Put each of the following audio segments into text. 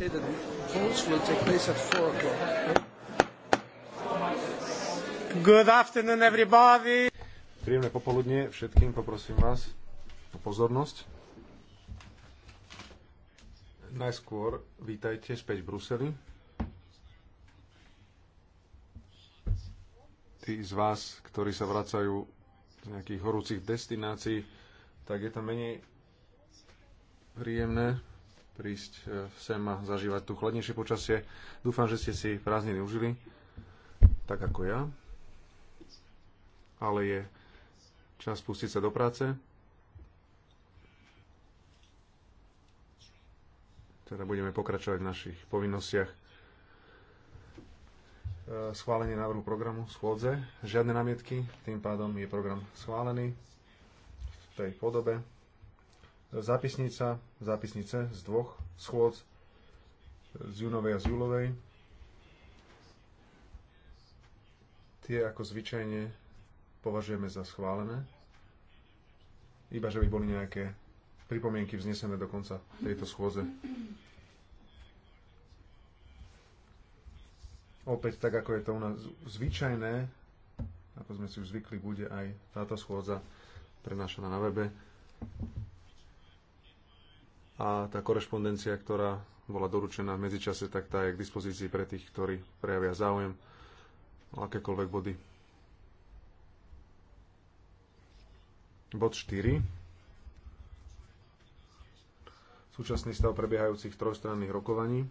say that the votes will take place at 4 o'clock. Good afternoon, everybody. Príjemné popoludnie všetkým, poprosím vás o pozornosť. Najskôr vítajte späť v Bruseli. Tí z vás, ktorí sa vracajú z nejakých horúcich destinácií, tak je to menej príjemné prísť e, sem a zažívať tu chladnejšie počasie. Dúfam, že ste si prázdniny užili, tak ako ja. Ale je čas pustiť sa do práce. Teda budeme pokračovať v našich povinnostiach. E, schválenie návrhu programu schôdze. Žiadne námietky, tým pádom je program schválený v tej podobe. Zápisnica, zápisnice z dvoch schôd z júnovej a z júlovej. Tie ako zvyčajne považujeme za schválené. Iba, že by boli nejaké pripomienky vznesené do konca tejto schôze. Opäť tak, ako je to u nás zvyčajné, ako sme si už zvykli, bude aj táto schôdza prenášaná na webe a tá korešpondencia, ktorá bola doručená v medzičase, tak tá je k dispozícii pre tých, ktorí prejavia záujem o akékoľvek body. Bod 4. Súčasný stav prebiehajúcich trojstranných rokovaní.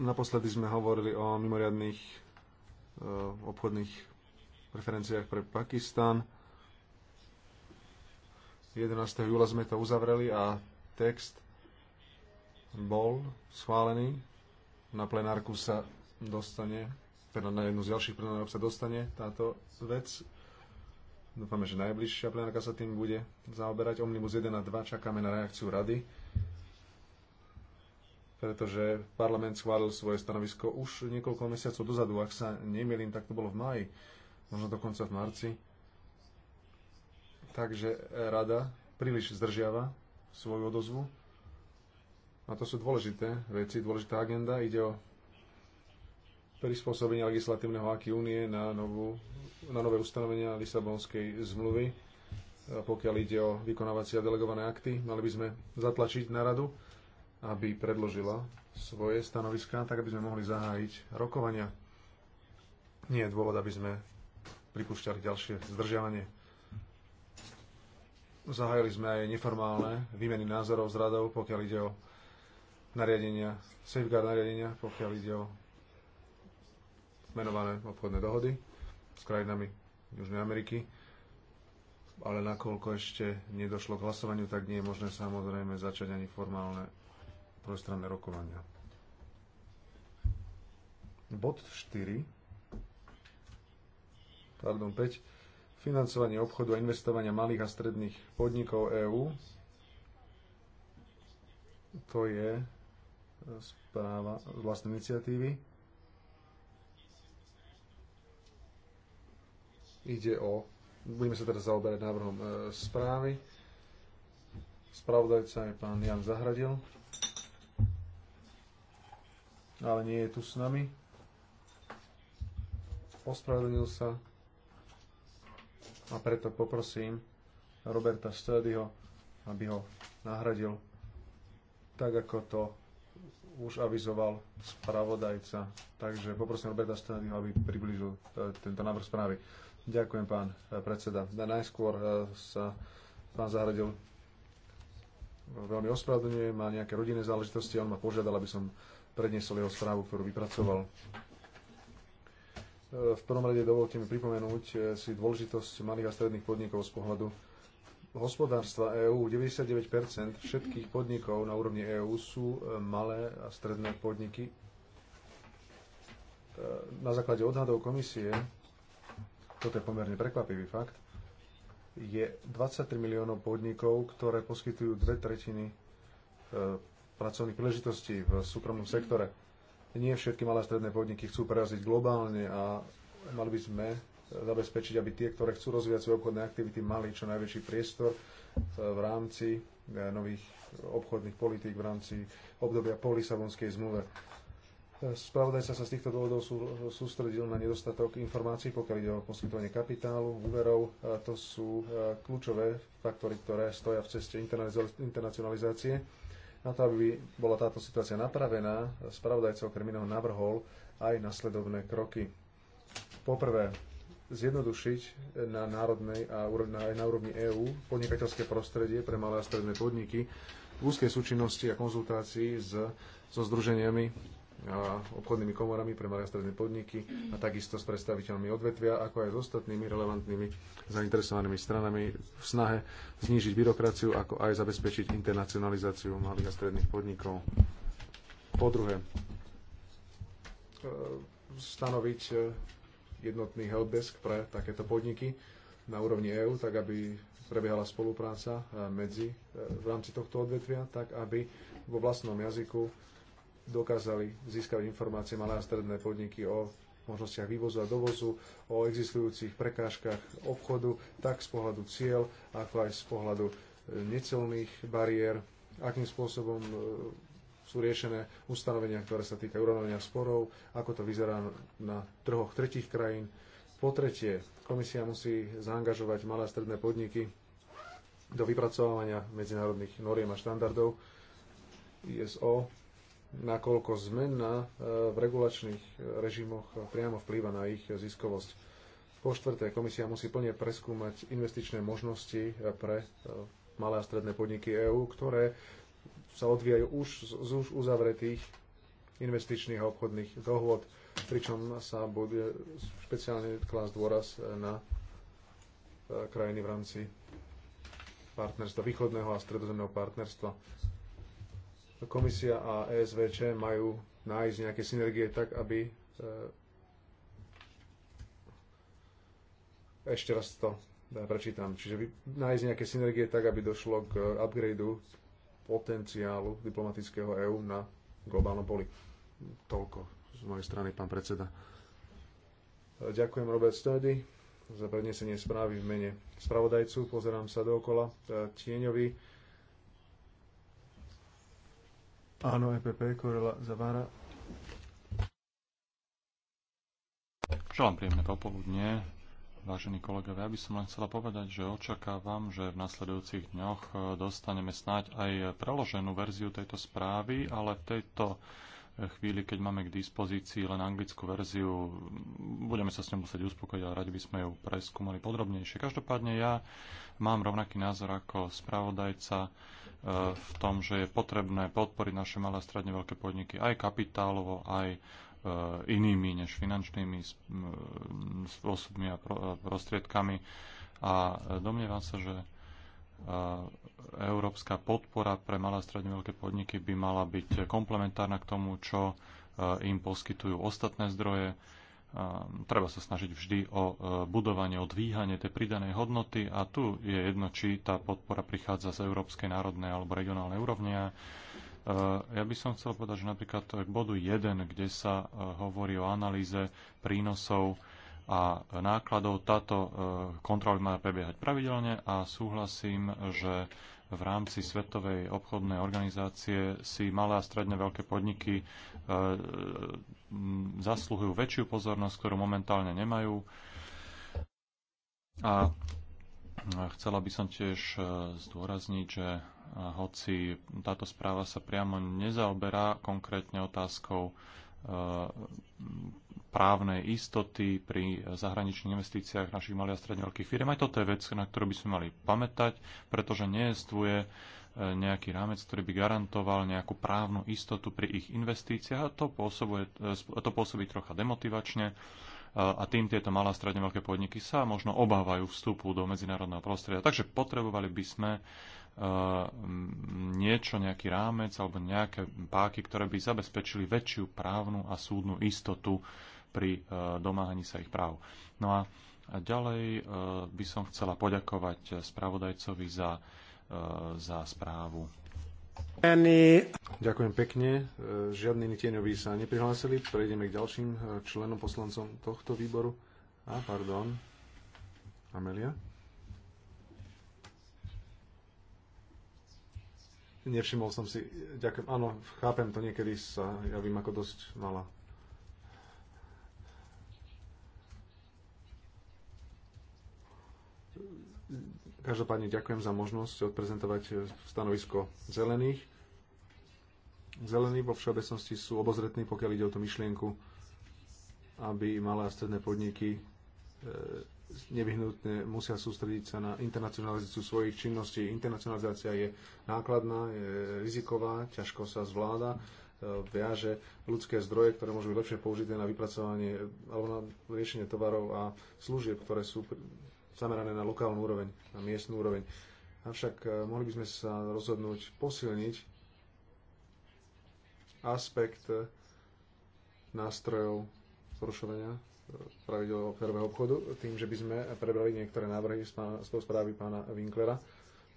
Naposledy sme hovorili o mimoriadných e, obchodných preferenciách pre Pakistan. 11. júla sme to uzavreli a text bol schválený. Na plenárku sa dostane, teda na jednu z ďalších plenárok sa dostane táto vec. Dúfame, že najbližšia plenárka sa tým bude zaoberať. Omnibus 1 a 2 čakáme na reakciu rady pretože parlament schválil svoje stanovisko už niekoľko mesiacov dozadu. Ak sa nemýlim, tak to bolo v maji možno dokonca v marci. Takže rada príliš zdržiava svoju odozvu. A to sú dôležité veci, dôležitá agenda. Ide o prispôsobenie legislatívneho aký únie na, novú, na nové ustanovenia Lisabonskej zmluvy. A pokiaľ ide o vykonávacie a delegované akty, mali by sme zatlačiť na radu, aby predložila svoje stanoviská, tak aby sme mohli zahájiť rokovania. Nie je dôvod, aby sme pripúšťali ďalšie zdržiavanie. Zahájili sme aj neformálne výmeny názorov s radov, pokiaľ ide o nariadenia, safeguard nariadenia, pokiaľ ide o menované obchodné dohody s krajinami Južnej Ameriky. Ale nakoľko ešte nedošlo k hlasovaniu, tak nie je možné samozrejme začať ani formálne prostranné rokovania. Bod 4 pardon, 5, financovanie obchodu a investovania malých a stredných podnikov EÚ. To je správa vlastnej iniciatívy. Ide o, budeme sa teraz zaoberať návrhom e, správy. Spravodajca je pán Jan Zahradil, ale nie je tu s nami. Ospravedlnil sa a preto poprosím Roberta Stödyho, aby ho nahradil tak, ako to už avizoval spravodajca. Takže poprosím Roberta Stödyho, aby priblížil e, tento návrh správy. Ďakujem, pán e, predseda. Najskôr e, sa pán Zahradil veľmi ospravedlňuje, má nejaké rodinné záležitosti on ma požiadal, aby som predniesol jeho správu, ktorú vypracoval. V prvom rade dovolte mi pripomenúť eh, si dôležitosť malých a stredných podnikov z pohľadu hospodárstva EÚ. 99% všetkých podnikov na úrovni EÚ sú eh, malé a stredné podniky. Eh, na základe odhadov komisie, toto je pomerne prekvapivý fakt, je 23 miliónov podnikov, ktoré poskytujú dve tretiny pracovných príležitostí v súkromnom sektore nie všetky malé stredné podniky chcú preraziť globálne a mali by sme zabezpečiť, aby tie, ktoré chcú rozvíjať svoje obchodné aktivity, mali čo najväčší priestor v rámci eh, nových obchodných politík, v rámci obdobia po Lisabonskej zmluve. Eh, spravodajca sa z týchto dôvodov sú, sústredil na nedostatok informácií, pokiaľ ide o poskytovanie kapitálu, úverov. To sú eh, kľúčové faktory, ktoré stoja v ceste internacionalizácie na to, aby bola táto situácia napravená, spravodajca okrem iného navrhol aj nasledovné kroky. Poprvé, zjednodušiť na národnej a aj na úrovni EÚ podnikateľské prostredie pre malé a stredné podniky v úzkej súčinnosti a konzultácii s, so združeniami obchodnými komorami pre malé a stredné podniky a takisto s predstaviteľmi odvetvia, ako aj s ostatnými relevantnými zainteresovanými stranami v snahe znížiť byrokraciu, ako aj zabezpečiť internacionalizáciu malých a stredných podnikov. Po druhé, e, stanoviť e, jednotný helpdesk pre takéto podniky na úrovni EÚ, tak aby prebiehala spolupráca e, medzi v rámci tohto odvetvia, tak aby vo vlastnom jazyku dokázali získať informácie malé a stredné podniky o možnostiach vývozu a dovozu, o existujúcich prekážkach obchodu, tak z pohľadu cieľ, ako aj z pohľadu e, necelných bariér, akým spôsobom e, sú riešené ustanovenia, ktoré sa týkajú urovnania sporov, ako to vyzerá na trhoch tretich krajín. Po tretie, komisia musí zaangažovať malé a stredné podniky do vypracovania medzinárodných noriem a štandardov ISO nakoľko zmena e, v regulačných režimoch priamo vplýva na ich ziskovosť. Po štvrté, komisia musí plne preskúmať investičné možnosti e, pre e, malé a stredné podniky EÚ, ktoré sa odvíjajú už z už uzavretých investičných a obchodných dohôd, pričom sa bude špeciálne klásť dôraz na krajiny v rámci partnerstva, východného a stredozemného partnerstva Komisia a ESVČ majú nájsť nejaké synergie tak, aby e, ešte raz to e, prečítam. Čiže nájsť nejaké synergie tak, aby došlo k upgradeu potenciálu diplomatického EÚ na globálnom poli. Toľko z mojej strany, pán predseda. E, ďakujem Robert Sturdy za prednesenie správy v mene spravodajcu. Pozerám sa dookola. Tieňovi Áno, EPP, Korela Zavára. Želám príjemné popoludne, vážení kolegovia. Ja by som len chcela povedať, že očakávam, že v nasledujúcich dňoch e, dostaneme snáď aj preloženú verziu tejto správy, ale v tejto e, chvíli, keď máme k dispozícii len anglickú verziu, budeme sa s ňou musieť uspokojiť a radi by sme ju preskúmali podrobnejšie. Každopádne ja mám rovnaký názor ako spravodajca v tom, že je potrebné podporiť naše malé a stredne veľké podniky aj kapitálovo, aj e, inými než finančnými spôsobmi a prostriedkami. A e, domnievam sa, že e, európska podpora pre malé a stredne veľké podniky by mala byť komplementárna k tomu, čo im poskytujú ostatné zdroje Ehm, treba sa snažiť vždy o e, budovanie, o dvíhanie tej pridanej hodnoty a tu je jedno, či tá podpora prichádza z európskej, národnej alebo regionálnej úrovne. E, ja by som chcel povedať, že napríklad k bodu 1, kde sa e, hovorí o analýze prínosov a nákladov, táto kontrola má prebiehať pravidelne a súhlasím, že v rámci Svetovej obchodnej organizácie si malé a stredne veľké podniky Mm, zasluhujú väčšiu pozornosť, ktorú momentálne nemajú. A chcela by som tiež e, zdôrazniť, že e, hoci táto správa sa priamo nezaoberá konkrétne otázkou e, právnej istoty pri zahraničných investíciách našich malých a stredne veľkých firm. Aj toto je vec, na ktorú by sme mali pamätať, pretože neestuje nejaký rámec, ktorý by garantoval nejakú právnu istotu pri ich investíciách a to, pôsobuje, e, to pôsobí trocha demotivačne e, a tým tieto malé a stredne veľké podniky sa možno obávajú vstupu do medzinárodného prostredia. Takže potrebovali by sme e, niečo, nejaký rámec alebo nejaké páky, ktoré by zabezpečili väčšiu právnu a súdnu istotu pri domáhaní sa ich práv. No a ďalej by som chcela poďakovať spravodajcovi za E, za správu. Ďakujem pekne. E, žiadni tieňoví sa neprihlásili. Prejdeme k ďalším e, členom poslancom tohto výboru. A, pardon. Amelia? Nevšimol som si. Ďakujem. Áno, chápem to. Niekedy sa javím ako dosť malá. Každopádne ďakujem za možnosť odprezentovať stanovisko zelených. Zelení vo všeobecnosti sú obozretní, pokiaľ ide o tú myšlienku, aby malé a stredné podniky e, nevyhnutne musia sústrediť sa na internacionalizáciu svojich činností. Internacionalizácia je nákladná, je riziková, ťažko sa zvláda, e, viaže ľudské zdroje, ktoré môžu byť lepšie použité na vypracovanie alebo na riešenie tovarov a služieb, ktoré sú zamerané na lokálnu úroveň, na miestnú úroveň. Avšak e, mohli by sme sa rozhodnúť posilniť aspekt e, nástrojov porušovania e, pravidel férového obchodu tým, že by sme prebrali niektoré návrhy z, toho správy pána Winklera,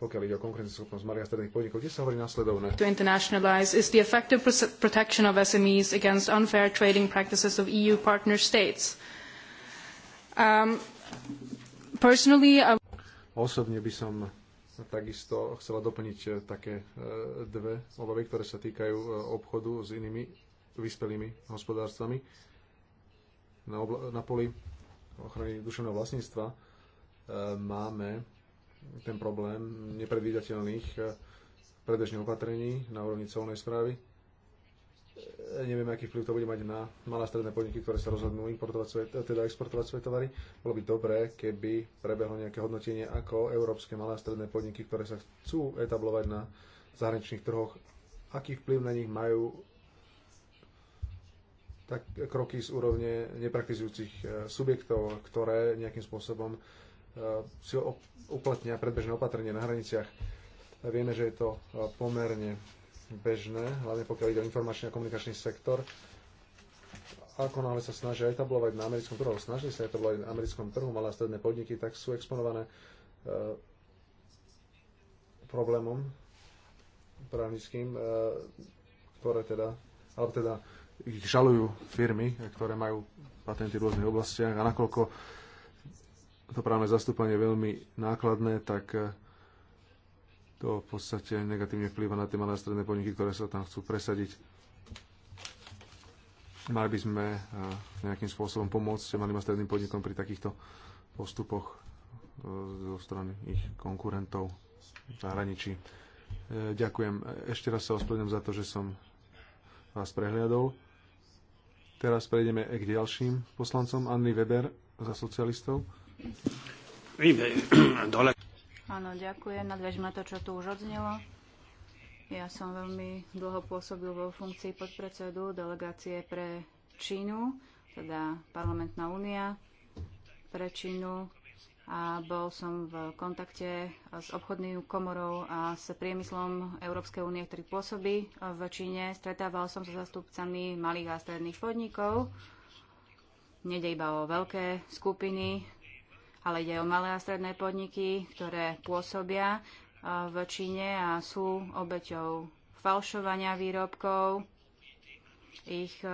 pokiaľ ide o konkurenceschopnosť malých a stredných podnikov, kde sa hovorí nasledovné. To internationalize is the effective protection of SMEs against unfair trading practices of EU partner states. Um, personally, I... Osobne by som takisto chcela doplniť e, také e, dve obavy, ktoré sa týkajú e, obchodu s inými vyspelými hospodárstvami na, obla- na poli ochrany duševného vlastníctva e, máme ten problém nepredvídateľných e, predbežných opatrení na úrovni colnej správy. E, neviem, aký vplyv to bude mať na malé a stredné podniky, ktoré sa rozhodnú importovať svoje, teda exportovať svoje tovary. Bolo by dobré, keby prebehlo nejaké hodnotenie, ako európske malé a stredné podniky, ktoré sa chcú etablovať na zahraničných trhoch, aký vplyv na nich majú tak kroky z úrovne nepraktizujúcich e, subjektov, ktoré nejakým spôsobom e, si uplatnia predbežné opatrenie na hraniciach. Vieme, že je to pomerne bežné, hlavne pokiaľ ide o informačný a komunikačný sektor. Ako náhle sa snažia etablovať na americkom trhu, snažili sa etablovať na americkom trhu malé a stredné podniky, tak sú exponované e, problémom právnickým, e, ktoré teda, alebo teda ich žalujú firmy, ktoré majú patenty v rôznych oblastiach a nakoľko to právne zastúpanie je veľmi nákladné, tak e, to v podstate negatívne vplýva na tie malé a stredné podniky, ktoré sa tam chcú presadiť. Mali by sme eh, nejakým spôsobom pomôcť malým a stredným podnikom pri takýchto postupoch eh, zo strany ich konkurentov v zahraničí. Eh, ďakujem. Ešte raz sa ospravedlňujem za to, že som vás prehliadol. Teraz prejdeme k ďalším poslancom. Anny Weber za socialistov. Áno, ďakujem. Nadviažím na to, čo tu už odznelo. Ja som veľmi dlho pôsobil vo funkcii podpredsedu delegácie pre Čínu, teda parlamentná únia pre Čínu a bol som v kontakte s obchodným komorou a s priemyslom Európskej únie, ktorý pôsobí v Číne. Stretával som sa zastupcami malých a stredných podnikov. Nede iba o veľké skupiny, ale ide o malé a stredné podniky, ktoré pôsobia v Číne a sú obeťou falšovania výrobkov, ich e,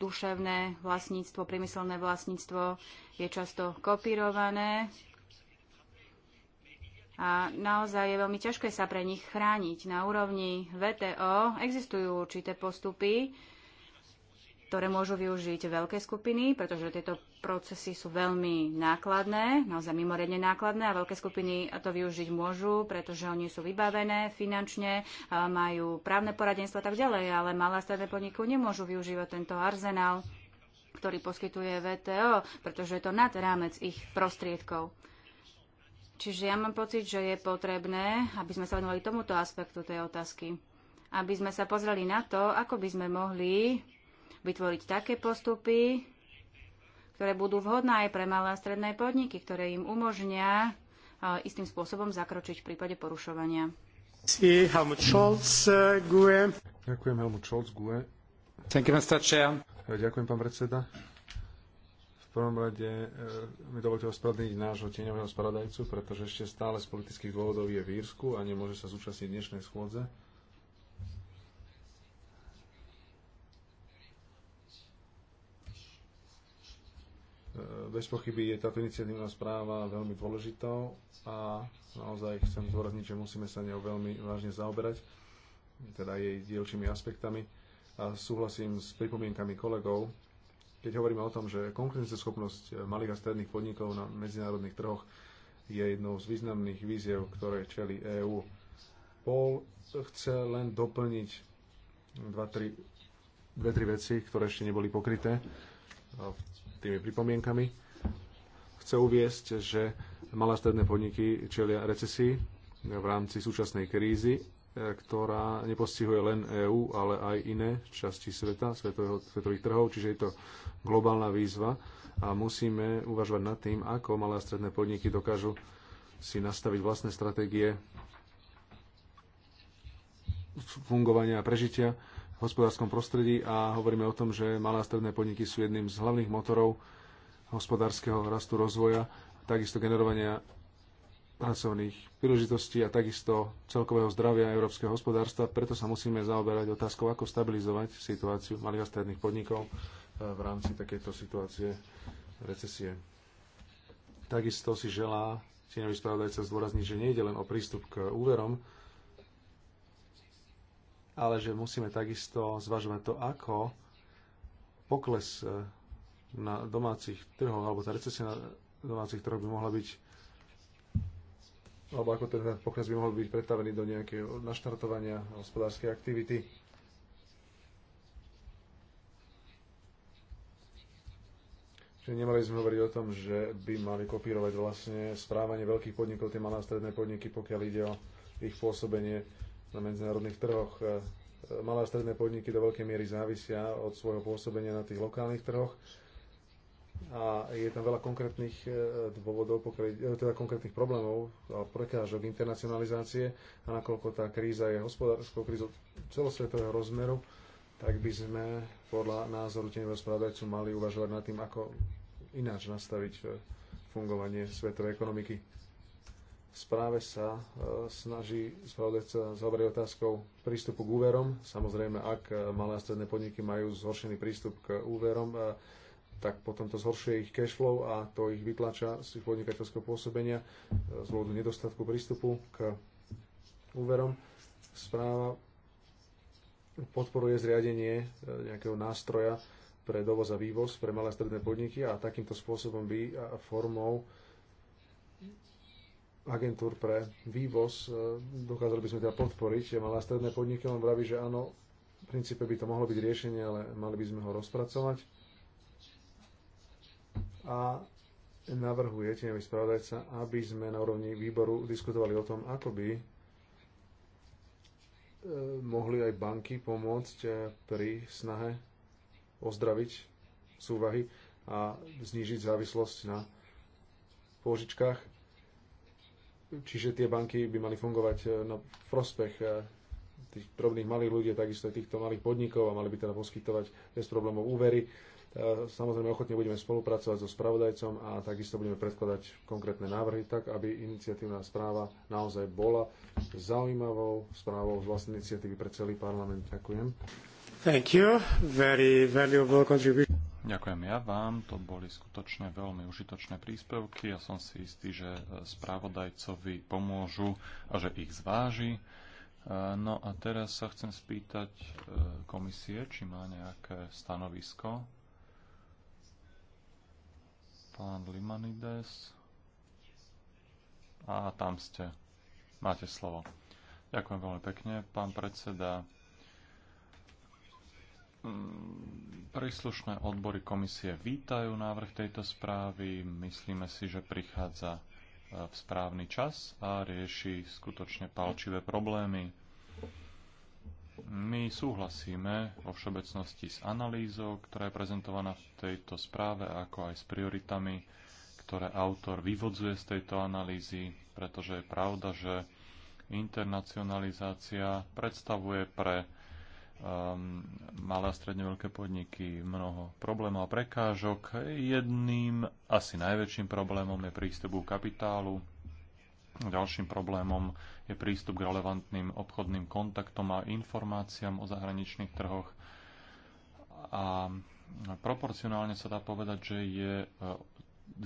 duševné vlastníctvo, priemyselné vlastníctvo je často kopírované a naozaj je veľmi ťažké sa pre nich chrániť. Na úrovni VTO existujú určité postupy, ktoré môžu využiť veľké skupiny, pretože tieto procesy sú veľmi nákladné, naozaj mimoriadne nákladné a veľké skupiny to využiť môžu, pretože oni sú vybavené finančne, majú právne poradenstvo a tak ďalej, ale malé a stredné podniky nemôžu využívať tento arzenál, ktorý poskytuje VTO, pretože je to nad rámec ich prostriedkov. Čiže ja mám pocit, že je potrebné, aby sme sa venovali tomuto aspektu tej otázky. Aby sme sa pozreli na to, ako by sme mohli vytvoriť také postupy, ktoré budú vhodné aj pre malé a stredné podniky, ktoré im umožnia istým spôsobom zakročiť v prípade porušovania. Helmut Scholz, eh, GUE. Ďakujem, Helmut Scholz, GUE. Ďakujem, pán predseda. V prvom rade e, mi dovolte ospravedlniť nášho tieňového spravodajcu, pretože ešte stále z politických dôvodov je v Írsku a nemôže sa zúčastniť dnešnej schôdze. Bez pochyby je táto iniciatívna správa veľmi dôležitou a naozaj chcem zdôrazniť, že musíme sa ňou veľmi vážne zaoberať, teda jej dielčími aspektami a súhlasím s pripomienkami kolegov, keď hovoríme o tom, že konkurenceschopnosť malých a stredných podnikov na medzinárodných trhoch je jednou z významných víziev, ktoré čeli EÚ. Paul chce len doplniť dva, tri, dve, tri veci, ktoré ešte neboli pokryté tými pripomienkami. Chce uviesť, že malé stredné podniky čelia recesii v rámci súčasnej krízy, e, ktorá nepostihuje len EÚ, ale aj iné časti sveta, svetového, svetových trhov, čiže je to globálna výzva a musíme uvažovať nad tým, ako malé a stredné podniky dokážu si nastaviť vlastné stratégie fungovania a prežitia hospodárskom prostredí a hovoríme o tom, že malé a stredné podniky sú jedným z hlavných motorov hospodárskeho rastu rozvoja, takisto generovania pracovných príležitostí a takisto celkového zdravia európskeho hospodárstva. Preto sa musíme zaoberať otázkou, ako stabilizovať situáciu malých a stredných podnikov eh, v rámci takejto situácie recesie. Takisto si želá tieňový spravodajca zdôrazniť, že nejde len o prístup k úverom, ale že musíme takisto zvažovať to, ako pokles e, na domácich trhoch alebo tá recesia na domácich trhoch by mohla byť alebo ako ten pokles by mohol byť pretavený do nejakého naštartovania hospodárskej aktivity. Čiže nemali sme hovoriť o tom, že by mali kopírovať vlastne správanie veľkých podnikov, tie malé a stredné podniky, pokiaľ ide o ich pôsobenie na medzinárodných trhoch. E, Malé a stredné podniky do veľkej miery závisia od svojho pôsobenia na tých lokálnych trhoch a je tam veľa konkrétnych e, dôvodov, e, teda konkrétnych problémov a prekážok internacionalizácie a nakoľko tá kríza je hospodárskou krízou celosvetového rozmeru, tak by sme podľa názoru tenového spravodajcu mali uvažovať nad tým, ako ináč nastaviť fungovanie svetovej ekonomiky správe sa e, snaží zhovoriť otázkou prístupu k úverom. Samozrejme, ak e, malé a stredné podniky majú zhoršený prístup k úverom, e, tak potom to zhoršuje ich cash flow a to ich vytlača z ich podnikateľského pôsobenia z dôvodu nedostatku prístupu k úverom. Správa podporuje zriadenie nejakého nástroja pre dovoz a vývoz pre malé a stredné podniky a takýmto spôsobom by formou agentúr pre vývoz. E, dokázali by sme teda podporiť malé a stredné podniky, on vraví, že áno, v princípe by to mohlo byť riešenie, ale mali by sme ho rozpracovať. A navrhuje tieňový spravodajca, aby sme na úrovni výboru diskutovali o tom, ako by e, mohli aj banky pomôcť e, pri snahe ozdraviť súvahy a znížiť závislosť na pôžičkách Čiže tie banky by mali fungovať eh, na prospech eh, tých drobných malých ľudí, takisto aj týchto malých podnikov a mali by teda poskytovať bez problémov úvery. Eh, samozrejme, ochotne budeme spolupracovať so spravodajcom a takisto budeme predkladať konkrétne návrhy tak, aby iniciatívna správa naozaj bola zaujímavou správou z vlastnej iniciatívy pre celý parlament. Ďakujem. Thank you. Very valuable contribution. Ďakujem ja vám, to boli skutočne veľmi užitočné príspevky a ja som si istý, že e, správodajcovi pomôžu a že ich zváži. E, no a teraz sa chcem spýtať e, komisie, či má nejaké stanovisko. Pán Limanides. A tam ste. Máte slovo. Ďakujem veľmi pekne, pán predseda. Mm, príslušné odbory komisie vítajú návrh tejto správy. Myslíme si, že prichádza e, v správny čas a rieši skutočne palčivé problémy. My súhlasíme vo všeobecnosti s analýzou, ktorá je prezentovaná v tejto správe, ako aj s prioritami, ktoré autor vyvodzuje z tejto analýzy, pretože je pravda, že internacionalizácia predstavuje pre um, malé a stredne veľké podniky mnoho problémov a prekážok. Jedným asi najväčším problémom je prístup k kapitálu. Ďalším problémom je prístup k relevantným obchodným kontaktom a informáciám o zahraničných trhoch. A proporcionálne sa dá povedať, že je e,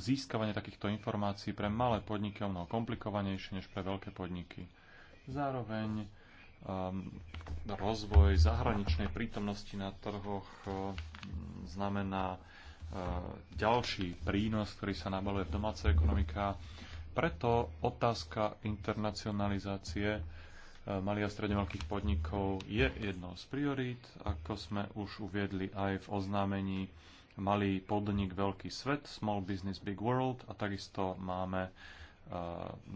získavanie takýchto informácií pre malé podniky o mnoho komplikovanejšie než pre veľké podniky. Zároveň Ehm, rozvoj zahraničnej prítomnosti na trhoch ehm, znamená ehm, ďalší prínos, ktorý sa nabaluje v domácej ekonomika. Preto otázka internacionalizácie malých a stredne veľkých podnikov je jednou z priorít, ako sme už uviedli aj v oznámení Malý podnik, veľký svet, Small Business Big World a takisto máme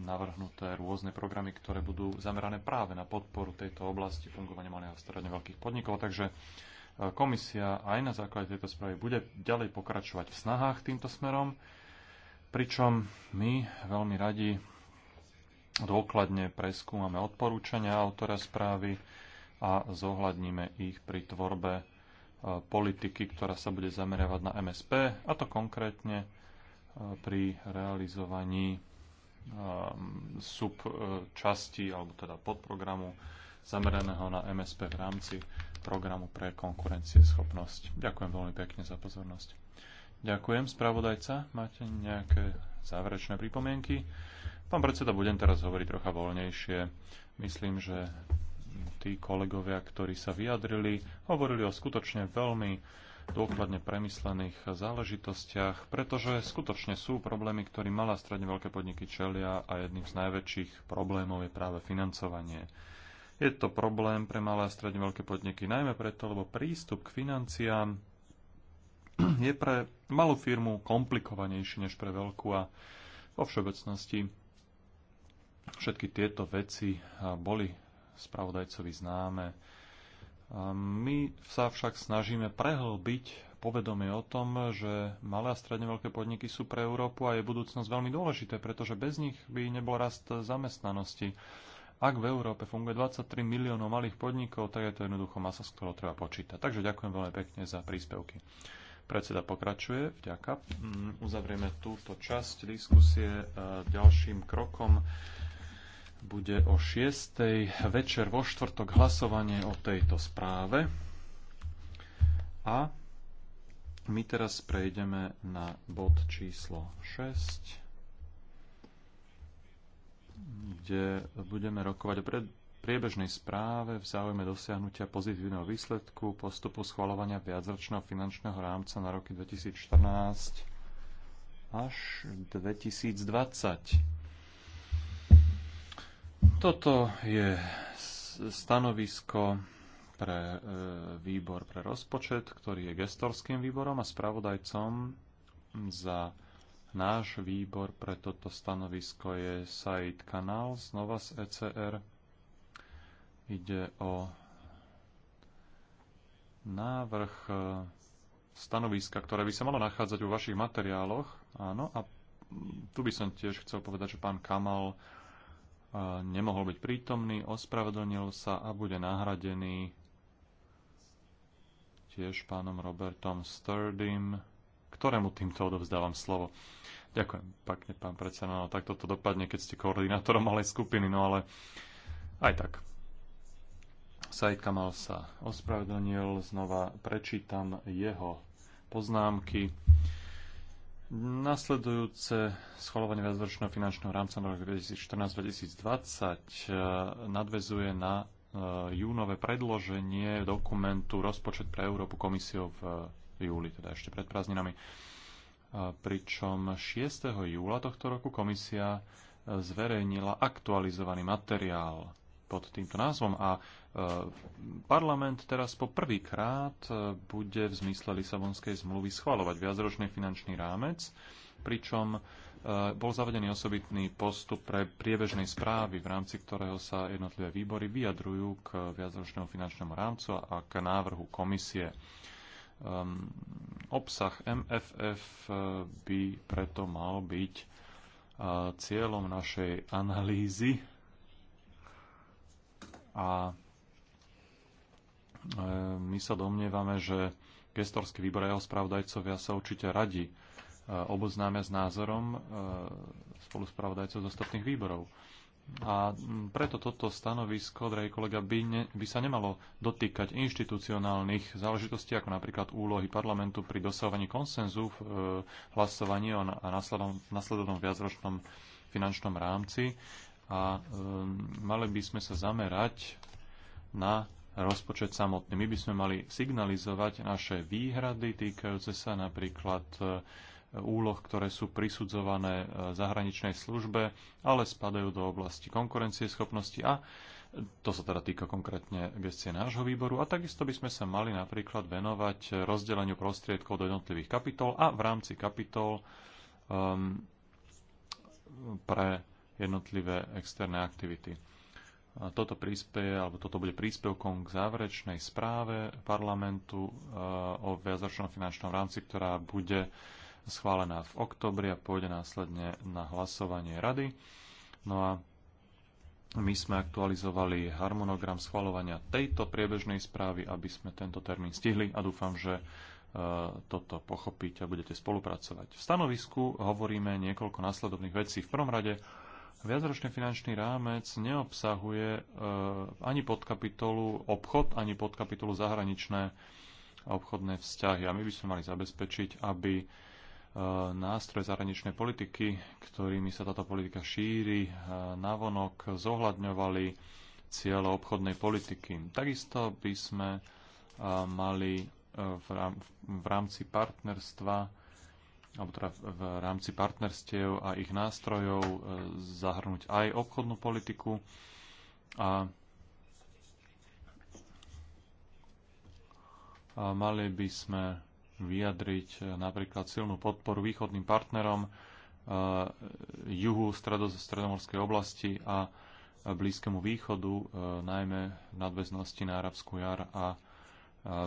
navrhnuté rôzne programy, ktoré budú zamerané práve na podporu tejto oblasti fungovania malých a stredne veľkých podnikov. Takže e, komisia aj na základe tejto správy bude ďalej pokračovať v snahách týmto smerom, pričom my veľmi radi dôkladne preskúmame odporúčania autora správy a zohľadníme ich pri tvorbe e, politiky, ktorá sa bude zameriavať na MSP, a to konkrétne e, pri realizovaní Ehm, subčasti e, alebo teda podprogramu zameraného na MSP v rámci programu pre konkurencieschopnosť. Ďakujem veľmi pekne za pozornosť. Ďakujem, spravodajca. Máte nejaké záverečné pripomienky? Pán predseda, budem teraz hovoriť trocha voľnejšie. Myslím, že tí kolegovia, ktorí sa vyjadrili, hovorili o skutočne veľmi dôkladne premyslených záležitostiach, pretože skutočne sú problémy, ktorým malé a stredne veľké podniky čelia a jedným z najväčších problémov je práve financovanie. Je to problém pre malé a stredne veľké podniky najmä preto, lebo prístup k financiám je pre malú firmu komplikovanejší než pre veľkú a vo všeobecnosti všetky tieto veci boli spravodajcovi známe. My sa však snažíme prehlbiť povedomie o tom, že malé a stredne veľké podniky sú pre Európu a je budúcnosť veľmi dôležité, pretože bez nich by nebol rast zamestnanosti. Ak v Európe funguje 23 miliónov malých podnikov, tak je to jednoducho masa, s ktorou treba počítať. Takže ďakujem veľmi pekne za príspevky. Predseda pokračuje, vďaka. Mm, uzavrieme túto časť diskusie e, ďalším krokom bude o 6. večer vo štvrtok hlasovanie o tejto správe. A my teraz prejdeme na bod číslo 6, kde budeme rokovať o priebežnej správe v záujme dosiahnutia pozitívneho výsledku postupu schvalovania viacročného finančného rámca na roky 2014 až 2020. Toto je stanovisko pre e, výbor pre rozpočet, ktorý je gestorským výborom a spravodajcom za náš výbor pre toto stanovisko je Said Kanál znova z ECR. Ide o návrh e, stanoviska, ktoré by sa malo nachádzať vo vašich materiáloch. Áno, a tu by som tiež chcel povedať, že pán Kamal nemohol byť prítomný, ospravedlnil sa a bude nahradený tiež pánom Robertom Sturdym, ktorému týmto odovzdávam slovo. Ďakujem pekne, pán predseda. No, tak toto dopadne, keď ste koordinátorom malej skupiny, no ale aj tak. Said Kamal sa ospravedlnil, znova prečítam jeho poznámky. Nasledujúce schvalovanie viacročného finančného rámca na rok 2014-2020 eh, nadvezuje na eh, júnové predloženie dokumentu Rozpočet pre Európu komisiou v eh, júli, teda ešte pred prázdninami. Pričom 6. júla tohto roku komisia zverejnila aktualizovaný materiál pod týmto názvom. A e, parlament teraz po prvýkrát e, bude v zmysle Lisabonskej zmluvy schvalovať viacročný finančný rámec, pričom e, bol zavedený osobitný postup pre priebežnej správy, v rámci ktorého sa jednotlivé výbory vyjadrujú k viacročnému finančnému rámcu a k návrhu komisie. Um, obsah MFF by preto mal byť uh, cieľom našej analýzy a e, my sa domnievame, že gestorský výbor a jeho spravodajcovia sa určite radi e, oboznámia s názorom e, spoluspravodajcov z ostatných výborov. A preto toto stanovisko, drahý kolega, by, ne, by sa nemalo dotýkať inštitucionálnych záležitostí, ako napríklad úlohy parlamentu pri dosahovaní konsenzu v hlasovaní o na, následovnom viacročnom finančnom rámci a um, mali by sme sa zamerať na rozpočet samotný. My by sme mali signalizovať naše výhrady týkajúce sa napríklad e, úloh, ktoré sú prisudzované e, zahraničnej službe, ale spadajú do oblasti konkurencieschopnosti a to sa teda týka konkrétne gestie nášho výboru a takisto by sme sa mali napríklad venovať rozdeleniu prostriedkov do jednotlivých kapitol a v rámci kapitol um, pre jednotlivé externé aktivity. toto prispieje, alebo toto bude príspevkom k záverečnej správe parlamentu e, o viacročnom finančnom rámci, ktorá bude schválená v oktobri a pôjde následne na hlasovanie rady. No a my sme aktualizovali harmonogram schvalovania tejto priebežnej správy, aby sme tento termín stihli a dúfam, že e, toto pochopíte a budete spolupracovať. V stanovisku hovoríme niekoľko následovných vecí. V prvom rade Viacročný finančný rámec neobsahuje e, ani podkapitolu obchod, ani podkapitolu zahraničné obchodné vzťahy. A my by sme mali zabezpečiť, aby e, nástroje zahraničnej politiky, ktorými sa táto politika šíri, e, navonok zohľadňovali cieľe obchodnej politiky. Takisto by sme mali v rámci partnerstva alebo teda v rámci partnerstiev a ich nástrojov e, zahrnúť aj obchodnú politiku a mali by sme vyjadriť e, napríklad silnú podporu východným partnerom e, juhu stredo, stredomorskej oblasti a Blízkemu východu, najmä nadväznosti na arabskú jar a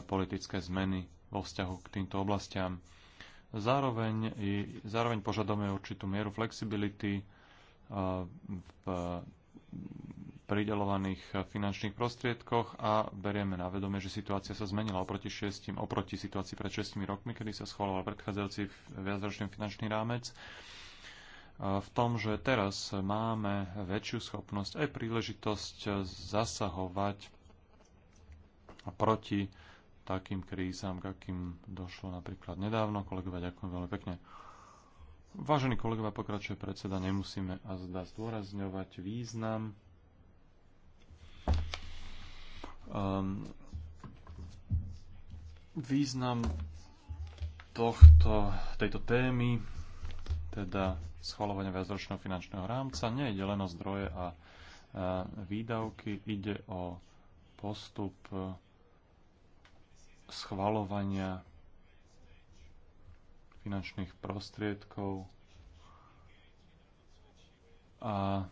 politické zmeny vo vzťahu k týmto oblastiam. Zároveň, i, zároveň požadujeme určitú mieru flexibility e, v pridelovaných finančných prostriedkoch a berieme na vedomie, že situácia sa zmenila oproti, šiestim, oproti situácii pred šestimi rokmi, kedy sa schváloval predchádzajúci viacročný finančný rámec e, v tom, že teraz máme väčšiu schopnosť aj príležitosť zasahovať proti takým krízam, k akým došlo napríklad nedávno. Kolegovia, ďakujem veľmi pekne. Vážení kolegovia, pokračuje predseda, nemusíme a zdá zdôrazňovať význam um, význam tohto, tejto témy, teda schvalovania viacročného finančného rámca, nie len o zdroje a, a výdavky, ide o postup schvalovania finančných prostriedkov a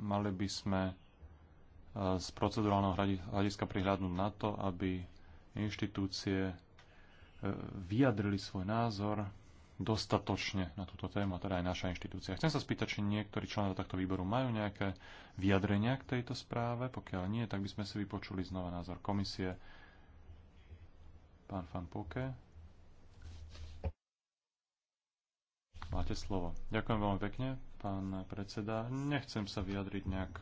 mali by sme e, z procedurálneho hľadiska prihľadnúť na to, aby inštitúcie e, vyjadrili svoj názor dostatočne na túto tému, a teda aj naša inštitúcia. Chcem sa spýtať, či niektorí členovia tohto výboru majú nejaké vyjadrenia k tejto správe. Pokiaľ nie, tak by sme si vypočuli znova názor komisie. Pán Poke. Máte slovo. Ďakujem veľmi pekne, pán predseda. Nechcem sa vyjadriť nejak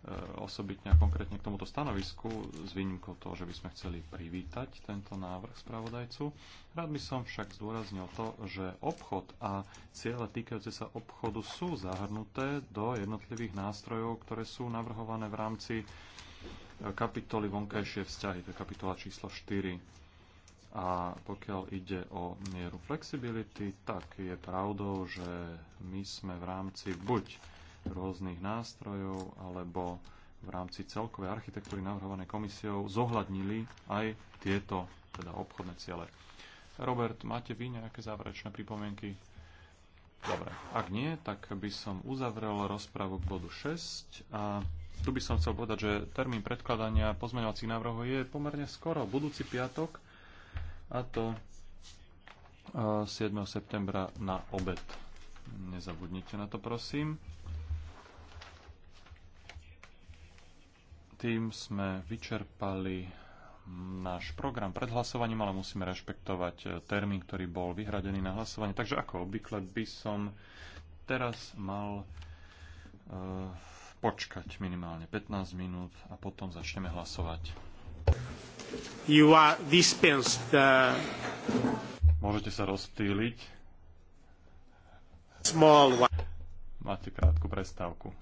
E, osobitne a konkrétne k tomuto stanovisku, s výnimkou toho, že by sme chceli privítať tento návrh spravodajcu. Rád by som však zdôraznil to, že obchod a ciele týkajúce sa obchodu sú zahrnuté do jednotlivých nástrojov, ktoré sú navrhované v rámci e, kapitoly vonkajšie vzťahy, to je kapitola číslo 4. A pokiaľ ide o mieru flexibility, tak je pravdou, že my sme v rámci buď rôznych nástrojov alebo v rámci celkovej architektúry navrhovanej komisiou zohľadnili aj tieto teda obchodné ciele. Robert, máte vy nejaké záverečné pripomienky? Dobre, ak nie, tak by som uzavrel rozpravu k bodu 6 a tu by som chcel povedať, že termín predkladania pozmeňovacích návrhov je pomerne skoro, budúci piatok a to 7. septembra na obed. Nezabudnite na to, prosím. tým sme vyčerpali náš program pred hlasovaním, ale musíme rešpektovať e, termín, ktorý bol vyhradený na hlasovanie. Takže ako obvykle by som teraz mal uh, počkať minimálne 15 minút a potom začneme hlasovať. You are dispensed. Uh... Môžete sa rozptýliť. Small one. Máte krátku prestávku.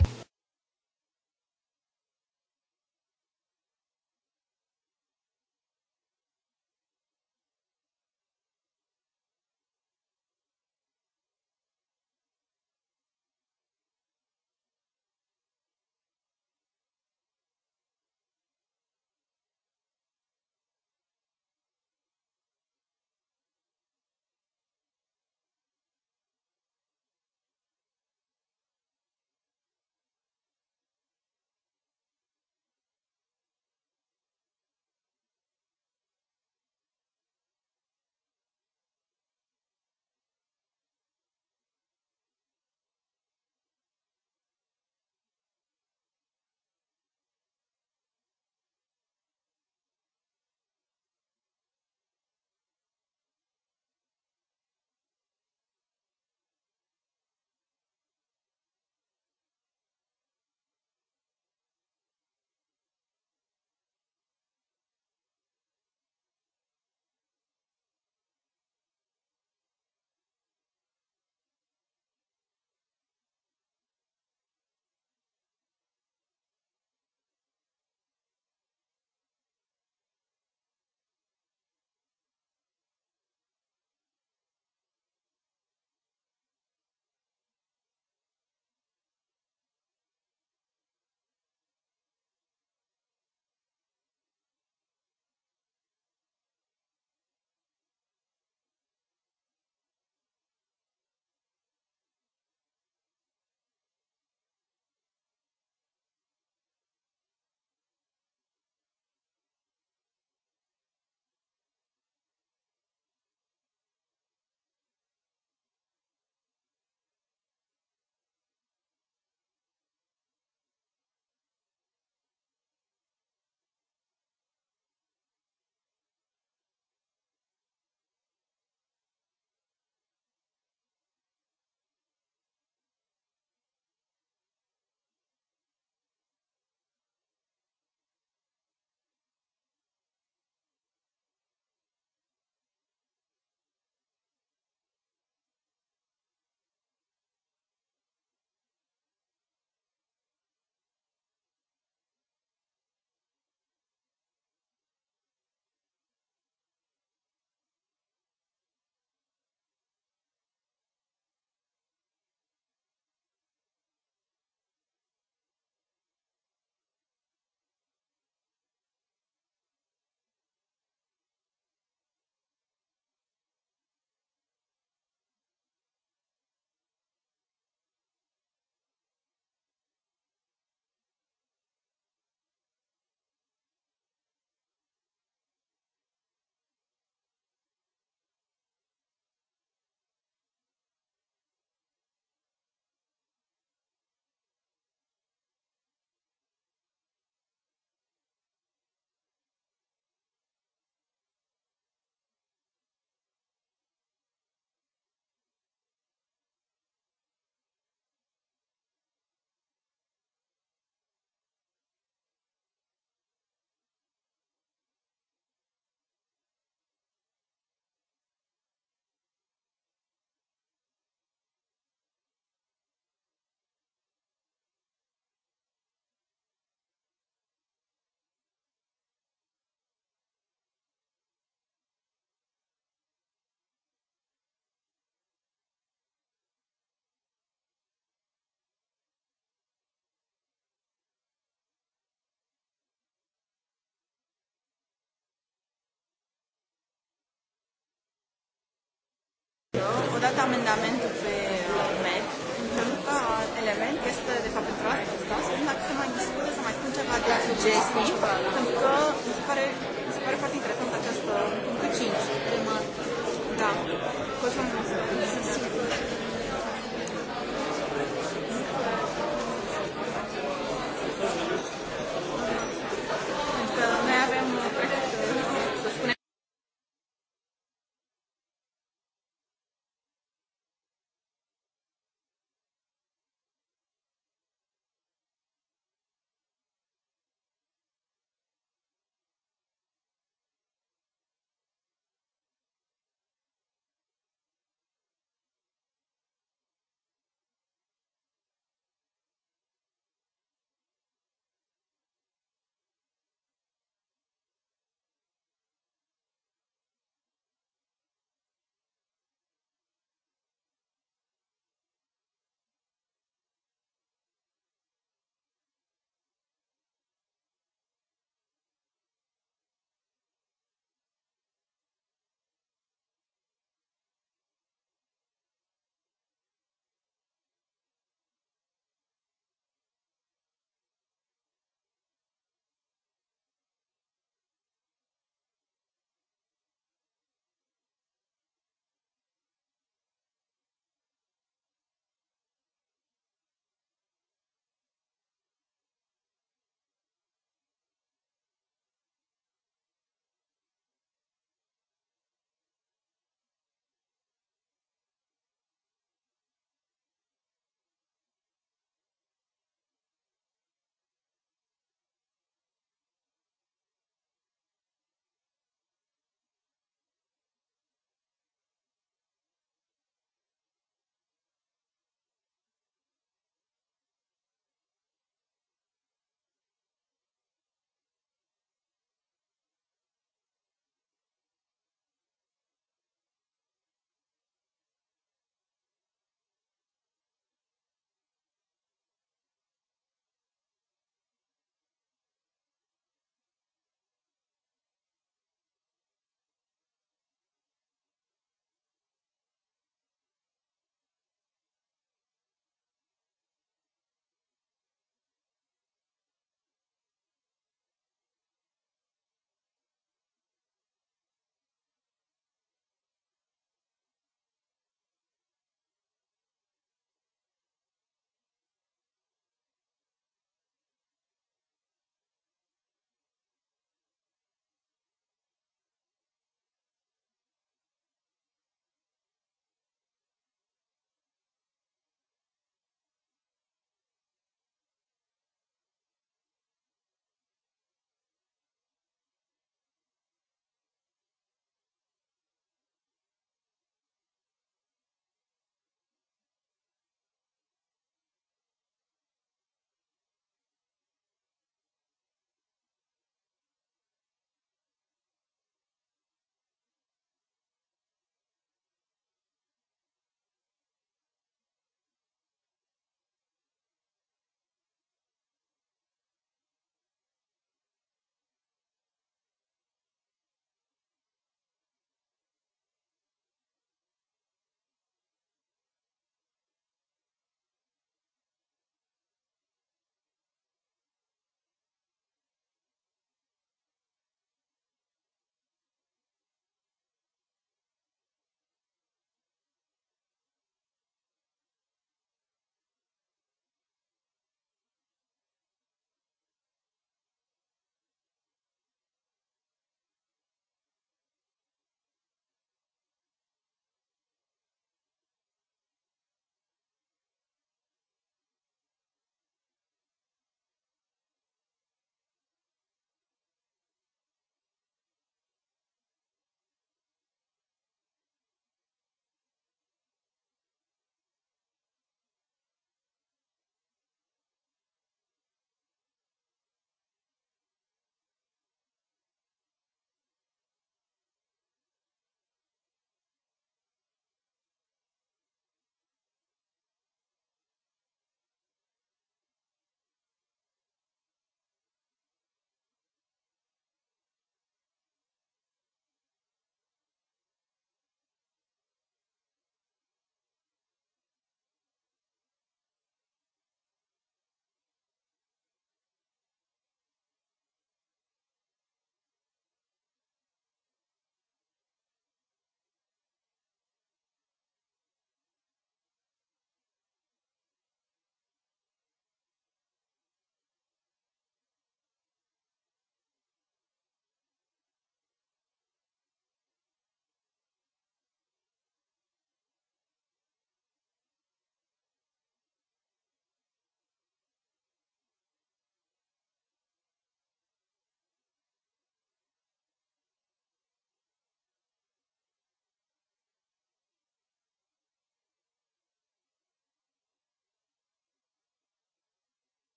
Ho dat amendament pe uh, mail, pentru că element este de fapt pentru asta, dacă se mai discută, să mai spun ceva de sugestii, pentru că mi se pare, mi se pare foarte interesant această punctul 5. Da. Cosmul,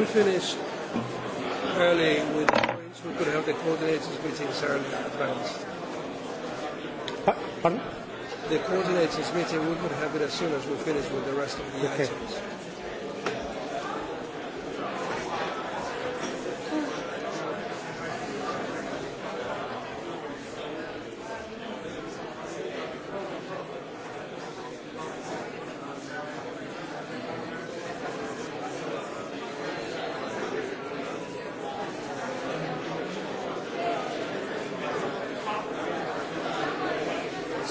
we finish early with the points, we could have the coordinators' meetings early in advance. Pardon? The coordinators' meeting, we could have it as soon as we finish with the rest of the okay. items.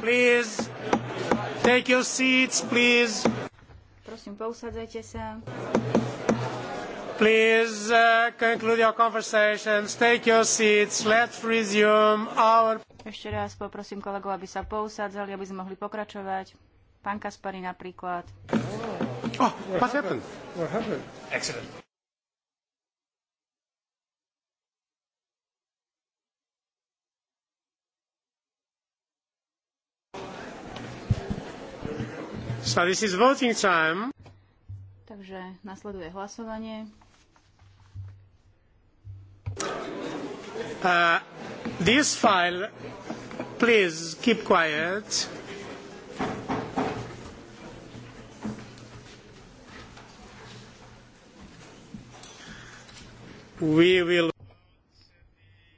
please. Take your seats, please. Prosím, pousadzajte sa. Please uh, conclude your conversations, take your seats, let's resume our... Ešte raz poprosím kolegov, aby sa pousadzali, aby sme mohli pokračovať. Pán Kaspari napríklad. Oh, what happened? What happened? Excellent. So this is voting time. Takže nasleduje hlasovanie. Uh, this file, please keep quiet. We will...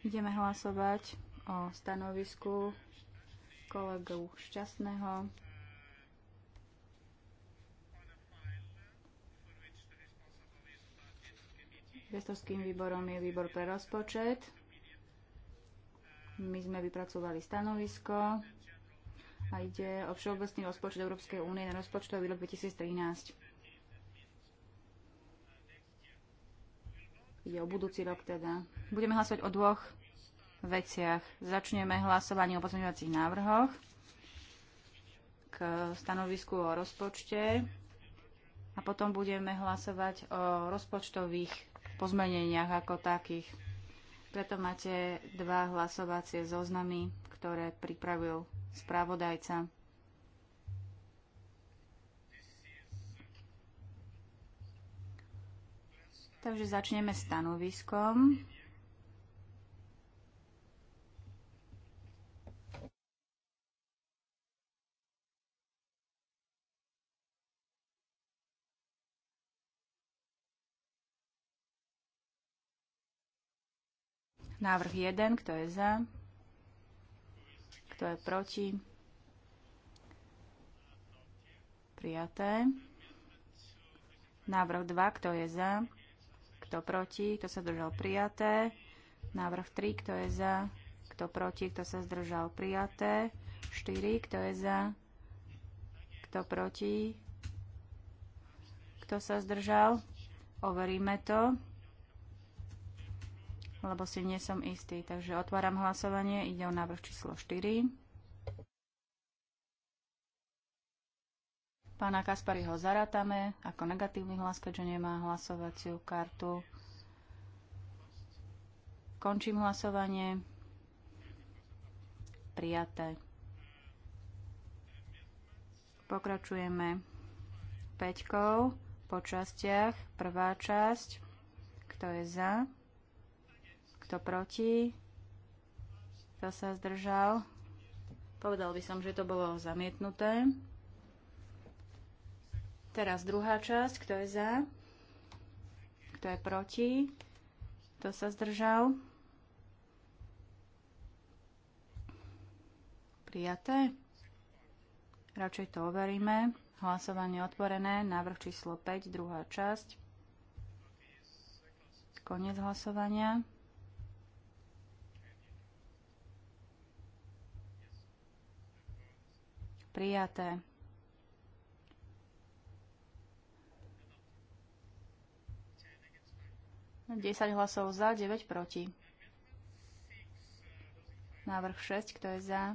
Ideme hlasovať o stanovisku kolegu Šťastného Gestovským výborom je výbor pre rozpočet. My sme vypracovali stanovisko a ide o všeobecný rozpočet Európskej únie na rozpočtový rok 2013. Ide o budúci rok teda. Budeme hlasovať o dvoch veciach. Začneme hlasovanie o pozmeňovacích návrhoch k stanovisku o rozpočte a potom budeme hlasovať o rozpočtových pozmeneniach ako takých. Preto máte dva hlasovacie zoznamy, ktoré pripravil spravodajca. Takže začneme stanoviskom. Návrh 1, kto je za? Kto je proti? Prijaté. Návrh 2, kto je za? Kto proti? Kto sa zdržal? Prijaté. Návrh 3, kto je za? Kto proti? Kto sa zdržal? Prijaté. 4, kto je za? Kto proti? Kto sa zdržal? Overíme to lebo si nie som istý. Takže otváram hlasovanie, ide o návrh číslo 4. Pána Kaspariho zarátame ako negatívny hlas, keďže nemá hlasovaciu kartu. Končím hlasovanie. Prijaté. Pokračujeme peťkou po častiach. Prvá časť. Kto je za? To proti? Kto sa zdržal? Povedal by som, že to bolo zamietnuté. Teraz druhá časť. Kto je za? Kto je proti? Kto sa zdržal? Prijaté? Radšej to overíme. Hlasovanie otvorené. Návrh číslo 5, druhá časť. Konec hlasovania. prijaté. Desať hlasov za, 9 proti. Návrh 6, kto je za,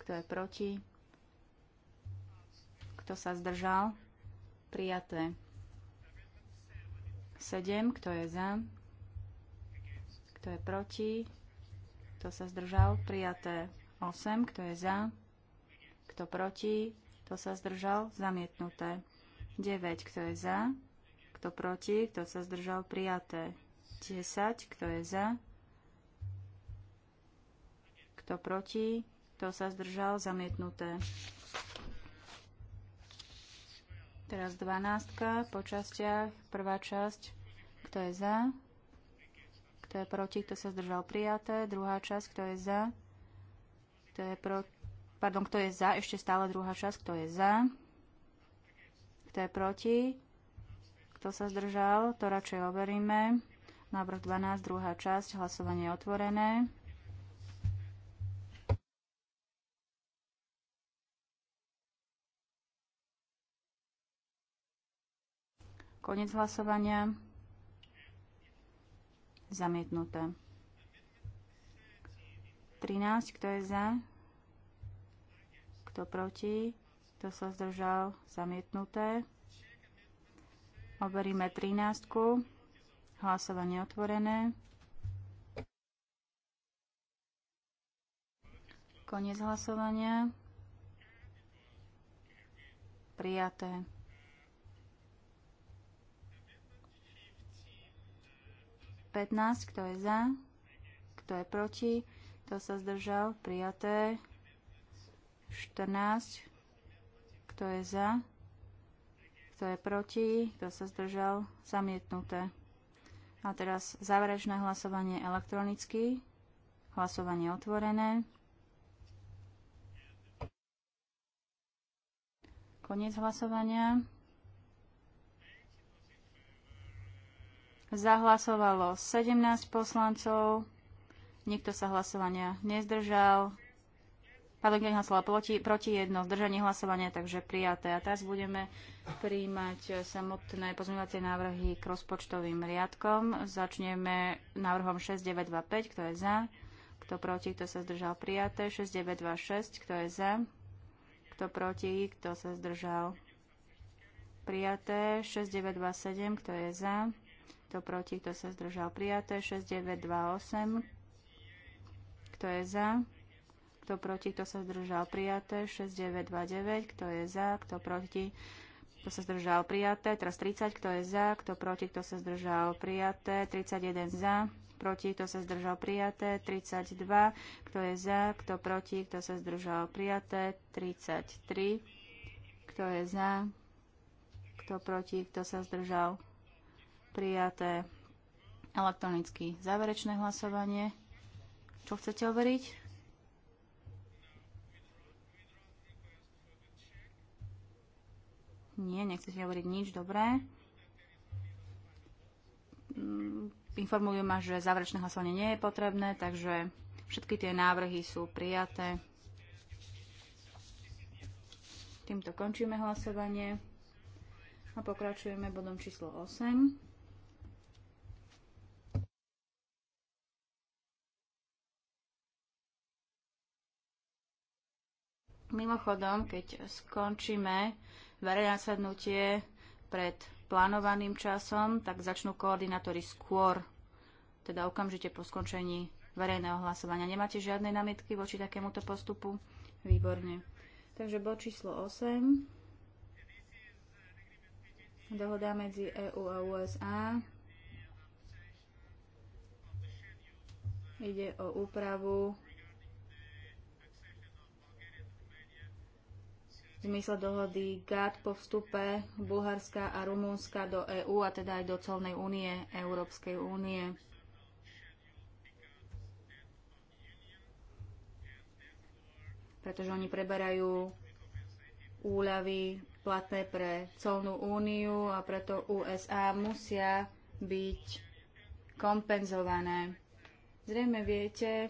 kto je proti, kto sa zdržal, prijaté. 7, kto je za, kto je proti, kto sa zdržal, prijaté 8, kto je za, kto proti, kto sa zdržal, zamietnuté. 9, kto je za, kto proti, kto sa zdržal, prijaté. 10, kto je za, kto proti, kto sa zdržal, zamietnuté. Teraz 12 po častiach, prvá časť, kto je za, kto je proti, kto sa zdržal, prijaté. Druhá časť, kto je za, kto je proti, Pardon, kto je za? Ešte stále druhá časť. Kto je za? Kto je proti? Kto sa zdržal? To radšej overíme. Návrh 12, druhá časť. Hlasovanie je otvorené. Konec hlasovania. Zamietnuté. 13, kto je za? Kto proti? Kto sa zdržal? Zamietnuté. Overíme 13. Hlasovanie otvorené. Koniec hlasovania. Prijaté. kto je za, kto je proti, kto sa zdržal, prijaté. 14. Kto je za? Kto je proti? Kto sa zdržal? Zamietnuté. A teraz záverečné hlasovanie elektronicky. Hlasovanie otvorené. Koniec hlasovania. Zahlasovalo 17 poslancov. Nikto sa hlasovania nezdržal. Padok kde hlasoval proti, proti jedno, zdržanie hlasovania, takže prijaté. A teraz budeme príjmať samotné pozmeňovacie návrhy k rozpočtovým riadkom. Začneme návrhom 6925, kto je za, kto proti, kto sa zdržal prijaté. 6926, kto je za, kto proti, kto sa zdržal prijaté. 6927, kto je za, kto proti, kto sa zdržal prijaté. 6928, kto je za, kto proti, kto sa zdržal prijaté, 6929, kto je za, kto proti, kto sa zdržal prijaté, teraz 30, kto je za, kto proti, kto sa zdržal prijaté, 31 za, proti, kto sa zdržal prijaté, 32, kto je za, kto proti, kto sa zdržal prijaté, 33, kto je za, kto proti, kto sa zdržal prijaté elektronicky záverečné hlasovanie. Čo chcete overiť? Nie, nechcete hovoriť nič, dobré. Mm, Informujú ma, že záverečné hlasovanie nie je potrebné, takže všetky tie návrhy sú prijaté. Týmto končíme hlasovanie a pokračujeme bodom číslo 8. Mimochodom, keď skončíme verejné sadnutie pred plánovaným časom, tak začnú koordinátori skôr, teda okamžite po skončení verejného hlasovania. Nemáte žiadne námietky voči takémuto postupu? Výborne. Takže bod číslo 8. Dohoda medzi EU a USA. Ide o úpravu v zmysle dohody GATT po vstupe Bulharska a Rumúnska do EÚ a teda aj do colnej únie Európskej únie. pretože oni preberajú úľavy platné pre colnú úniu a preto USA musia byť kompenzované. Zrejme viete,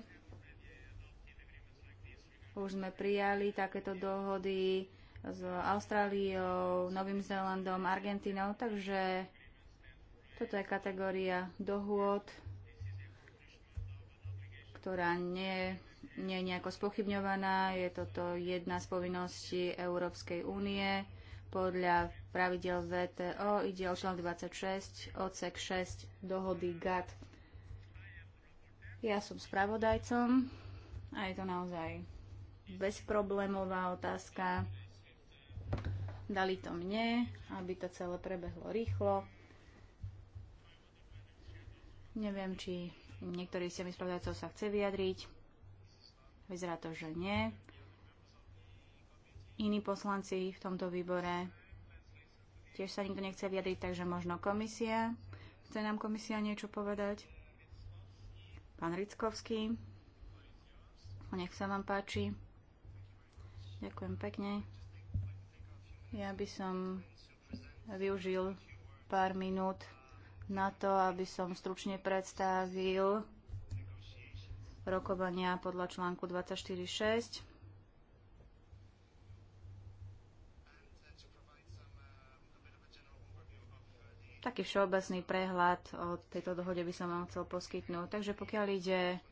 už sme prijali takéto dohody s Austráliou, Novým Zélandom, Argentínou, takže toto je kategória dohôd, ktorá nie, nie je nejako spochybňovaná. Je toto jedna z povinností Európskej únie. Podľa pravidel VTO ide o článok 26, odsek 6 dohody GATT. Ja som spravodajcom a je to naozaj bezproblémová otázka. Dali to mne, aby to celé prebehlo rýchlo. Neviem, či niektorý z mi spravodajcov sa chce vyjadriť. Vyzerá to, že nie. Iní poslanci v tomto výbore tiež sa nikto nechce vyjadriť, takže možno komisia. Chce nám komisia niečo povedať? Pán Rickovský, nech sa vám páči. Ďakujem pekne. Ja by som využil pár minút na to, aby som stručne predstavil rokovania podľa článku 24.6 taký všeobecný prehľad o tejto dohode by som vám chcel poskytnúť. Takže pokiaľ ide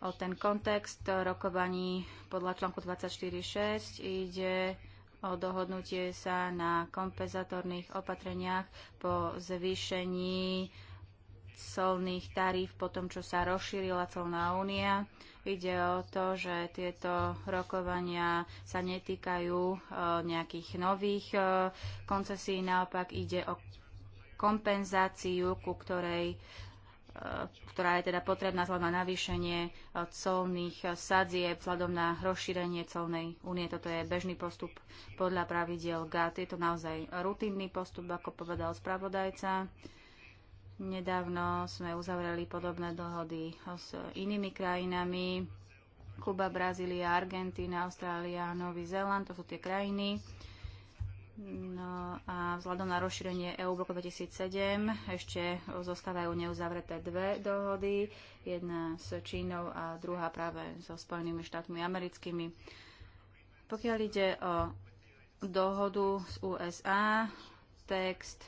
o ten kontext rokovaní podľa článku 24.6, ide o dohodnutie sa na kompenzatorných opatreniach po zvýšení colných tarív po tom, čo sa rozšírila colná únia. Ide o to, že tieto rokovania sa netýkajú e, nejakých nových e, koncesí, naopak ide o kompenzáciu, ku ktorej e, E, ktorá je teda potrebná vzhľadom na navýšenie e, colných e, sadzieb, vzhľadom na rozšírenie colnej únie. Toto je bežný postup podľa pravidiel GAT. Je to naozaj rutinný postup, ako povedal spravodajca. Nedávno sme uzavreli podobné dohody s inými krajinami. Kuba, Brazília, Argentína, Austrália, Nový Zéland, to sú tie krajiny, No a vzhľadom na rozšírenie EU v roku 2007 ešte zostávajú neuzavreté dve dohody, jedna s Čínou a druhá práve so Spojenými štátmi americkými. Pokiaľ ide o dohodu z USA, text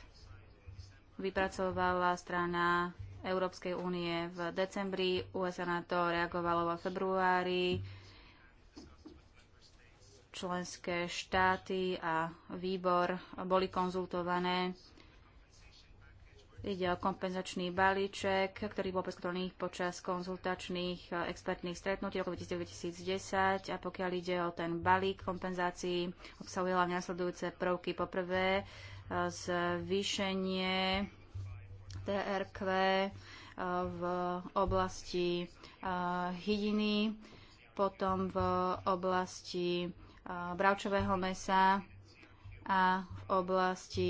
vypracovala strana Európskej únie v decembri, USA na to reagovalo vo februári členské štáty a výbor boli konzultované. Ide o kompenzačný balíček, ktorý bol preskutovaný počas konzultačných eh, expertných stretnutí roku 2010 a pokiaľ ide o ten balík kompenzácií, obsahuje hlavne nasledujúce prvky. Poprvé, eh, zvýšenie TRQ eh, v oblasti hydiny, potom v oblasti bravčového mesa a v oblasti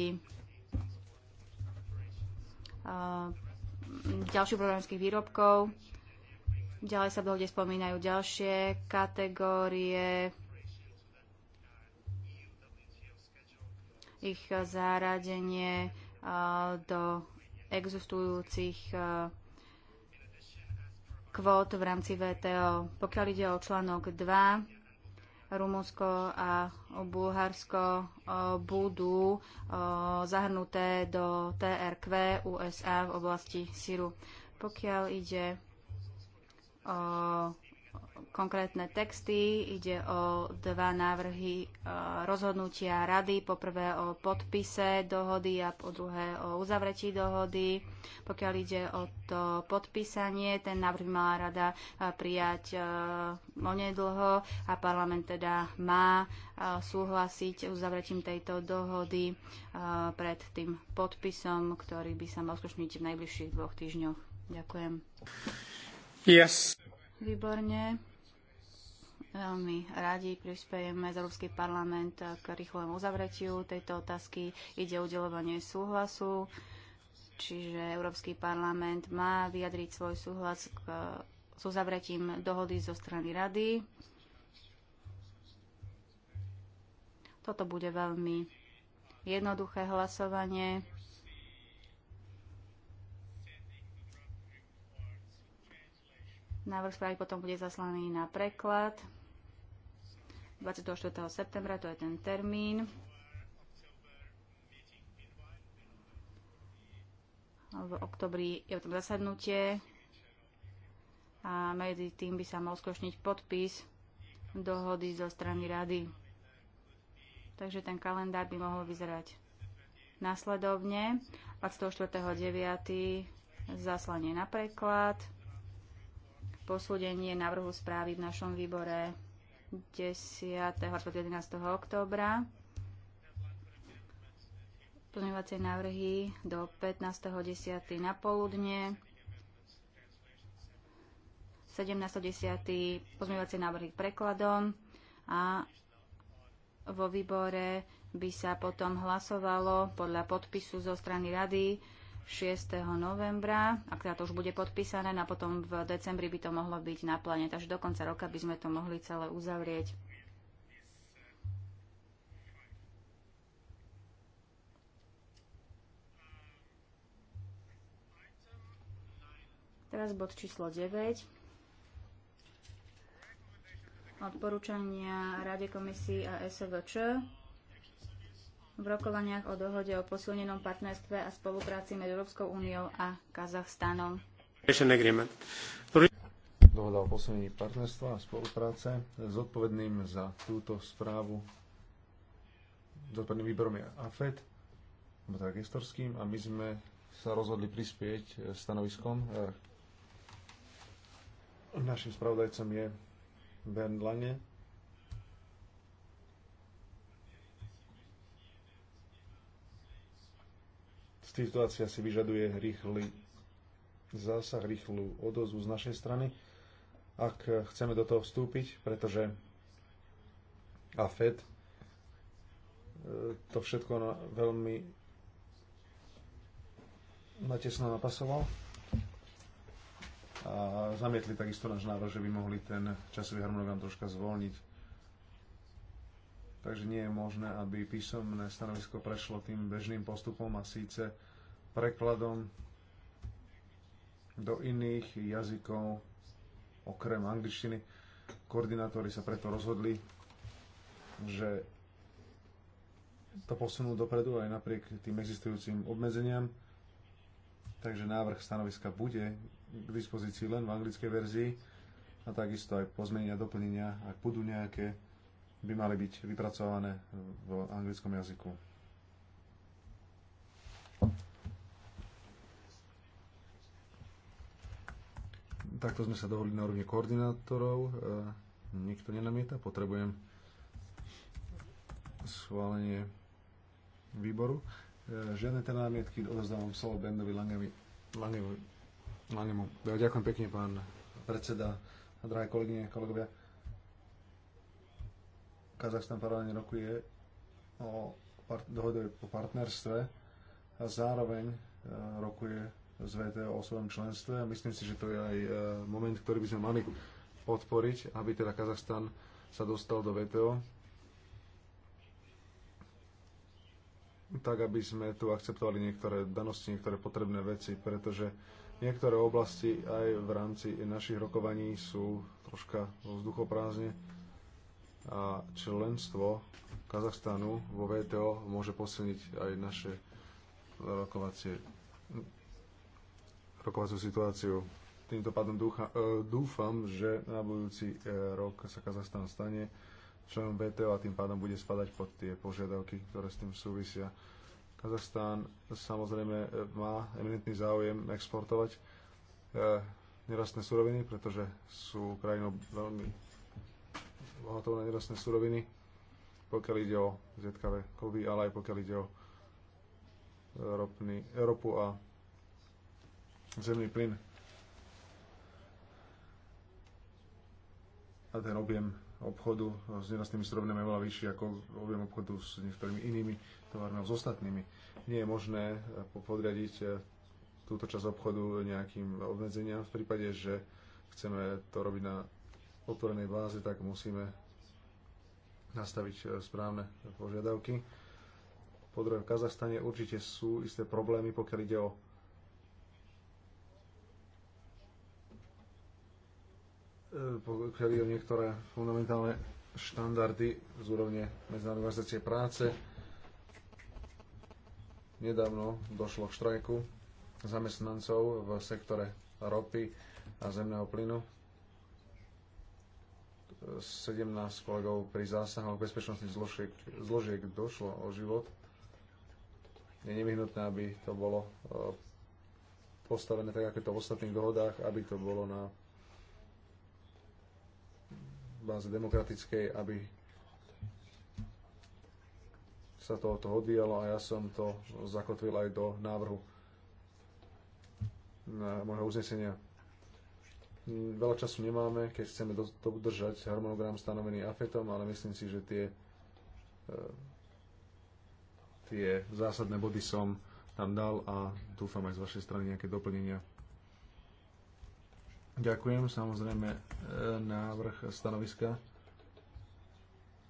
ďalších programovských výrobkov. Ďalej sa v dohode spomínajú ďalšie kategórie, ich zaradenie do existujúcich kvót v rámci VTO. Pokiaľ ide o článok 2, Rumunsko a Bulharsko e, budú e, zahrnuté do TRQ USA v oblasti Syru. Pokiaľ ide o konkrétne texty. Ide o dva návrhy e, rozhodnutia rady. Po prvé o podpise dohody a po druhé o uzavretí dohody. Pokiaľ ide o to podpísanie, ten návrh mala rada e, prijať e, onedlho a parlament teda má súhlasiť uzavretím tejto dohody pred tým podpisom, ktorý by sa mal skúšniť v najbližších dvoch týždňoch. Ďakujem. Yes. Výborne. Veľmi radi prispiejeme z Európsky parlament k rýchlemu uzavretiu tejto otázky. Ide udelovanie súhlasu, čiže Európsky parlament má vyjadriť svoj súhlas k, s uzavretím dohody zo strany rady. Toto bude veľmi jednoduché hlasovanie. Návrh správy potom bude zaslaný na preklad. 24. septembra, to je ten termín. V oktobri je tam zasadnutie a medzi tým by sa mal skošniť podpis dohody zo strany rady. Takže ten kalendár by mohol vyzerať následovne. 24.9. zaslanie na preklad, posúdenie návrhu správy v našom výbore 10. až 11. októbra. Plňovacie návrhy do 15.10. na poludne. 17.10. pozmeňovacie návrhy k prekladom a vo výbore by sa potom hlasovalo podľa podpisu zo strany rady 6. novembra, ak teda to už bude podpísané, no a potom v decembri by to mohlo byť na pláne, takže do konca roka by sme to mohli celé uzavrieť. Teraz bod číslo 9 odporúčania Rade komisii a SVČ v rokovaniach o dohode o posilnenom partnerstve a spolupráci medzi Európskou úniou a Kazachstanom. Dohoda o posilnení partnerstva a spolupráce s odpovedným za túto správu odpovedným výborom je AFED, teda gestorským, a my sme sa rozhodli prispieť stanoviskom. Našim spravodajcom je Bernd Lange, Situácia si vyžaduje rýchly zásah, rýchlu odozvu z našej strany, ak chceme do toho vstúpiť, pretože a FED e, to všetko na veľmi natesno napasoval a zamietli takisto náš návrh, že by mohli ten časový harmonogram troška zvolniť. Takže nie je možné, aby písomné stanovisko prešlo tým bežným postupom a síce prekladom do iných jazykov okrem angličtiny. Koordinátori sa preto rozhodli, že to posunú dopredu aj napriek tým existujúcim obmedzeniam. Takže návrh stanoviska bude k dispozícii len v anglickej verzii a takisto aj pozmenia, doplnenia, ak budú nejaké, by mali byť vypracované v anglickom jazyku. Takto sme sa dohodli na úrovni koordinátorov. E, nikto nenamieta, potrebujem schválenie výboru. E, žiadne teda námietky odozdávam slovo Bendovi Langevi, Langevi, Langemu. E, ďakujem pekne, pán predseda a drahé kolegyne, kolegovia. Kazachstan paralelne rokuje o part- dohode po partnerstve a zároveň rokuje z VTO o svojom členstve myslím si, že to je aj e, moment, ktorý by sme mali podporiť, aby teda Kazachstan sa dostal do VTO. tak, aby sme tu akceptovali niektoré danosti, niektoré potrebné veci, pretože niektoré oblasti aj v rámci našich rokovaní sú troška vzduchoprázdne a členstvo Kazachstanu vo VTO môže posilniť aj naše e, rokovacie rokovaciu situáciu. Týmto pádom dúcha, e, dúfam, že na budúci e, rok sa Kazachstan stane členom VTO a tým pádom bude spadať pod tie požiadavky, ktoré s tým súvisia. Kazachstan samozrejme e, má eminentný záujem exportovať nerastné suroviny, pretože sú krajinou veľmi bohatou na nerastné suroviny, pokiaľ ide o zriedkavé kovy, ale aj pokiaľ ide o ropný, ropu a zemný plyn a ten objem obchodu s nerastnými surovinami je veľa vyšší ako objem obchodu s niektorými inými tovarmi alebo s ostatnými. Nie je možné eh, podriadiť eh, túto časť obchodu nejakým obmedzeniam. V prípade, že chceme to robiť na otvorenej báze, tak musíme nastaviť eh, správne požiadavky. Po druhé, v Kazachstane určite sú isté problémy, pokiaľ ide o pokiaľ o niektoré fundamentálne štandardy z úrovne Medzinárodnej práce. Nedávno došlo k štrajku zamestnancov v sektore ropy a zemného plynu. 17 kolegov pri zásahoch bezpečnostných zložiek, zložiek došlo o život. Je nevyhnutné, aby to bolo eh, postavené tak, ako je to v ostatných dohodách, aby to bolo na báze demokratickej, aby sa to od toho odvíjalo a ja som to zakotvil aj do návrhu na môjho uznesenia. Veľa času nemáme, keď chceme udržať. harmonogram stanovený AFETom, ale myslím si, že tie, e, tie zásadné body som tam dal a dúfam aj z vašej strany nejaké doplnenia. Ďakujem. Samozrejme, e, návrh stanoviska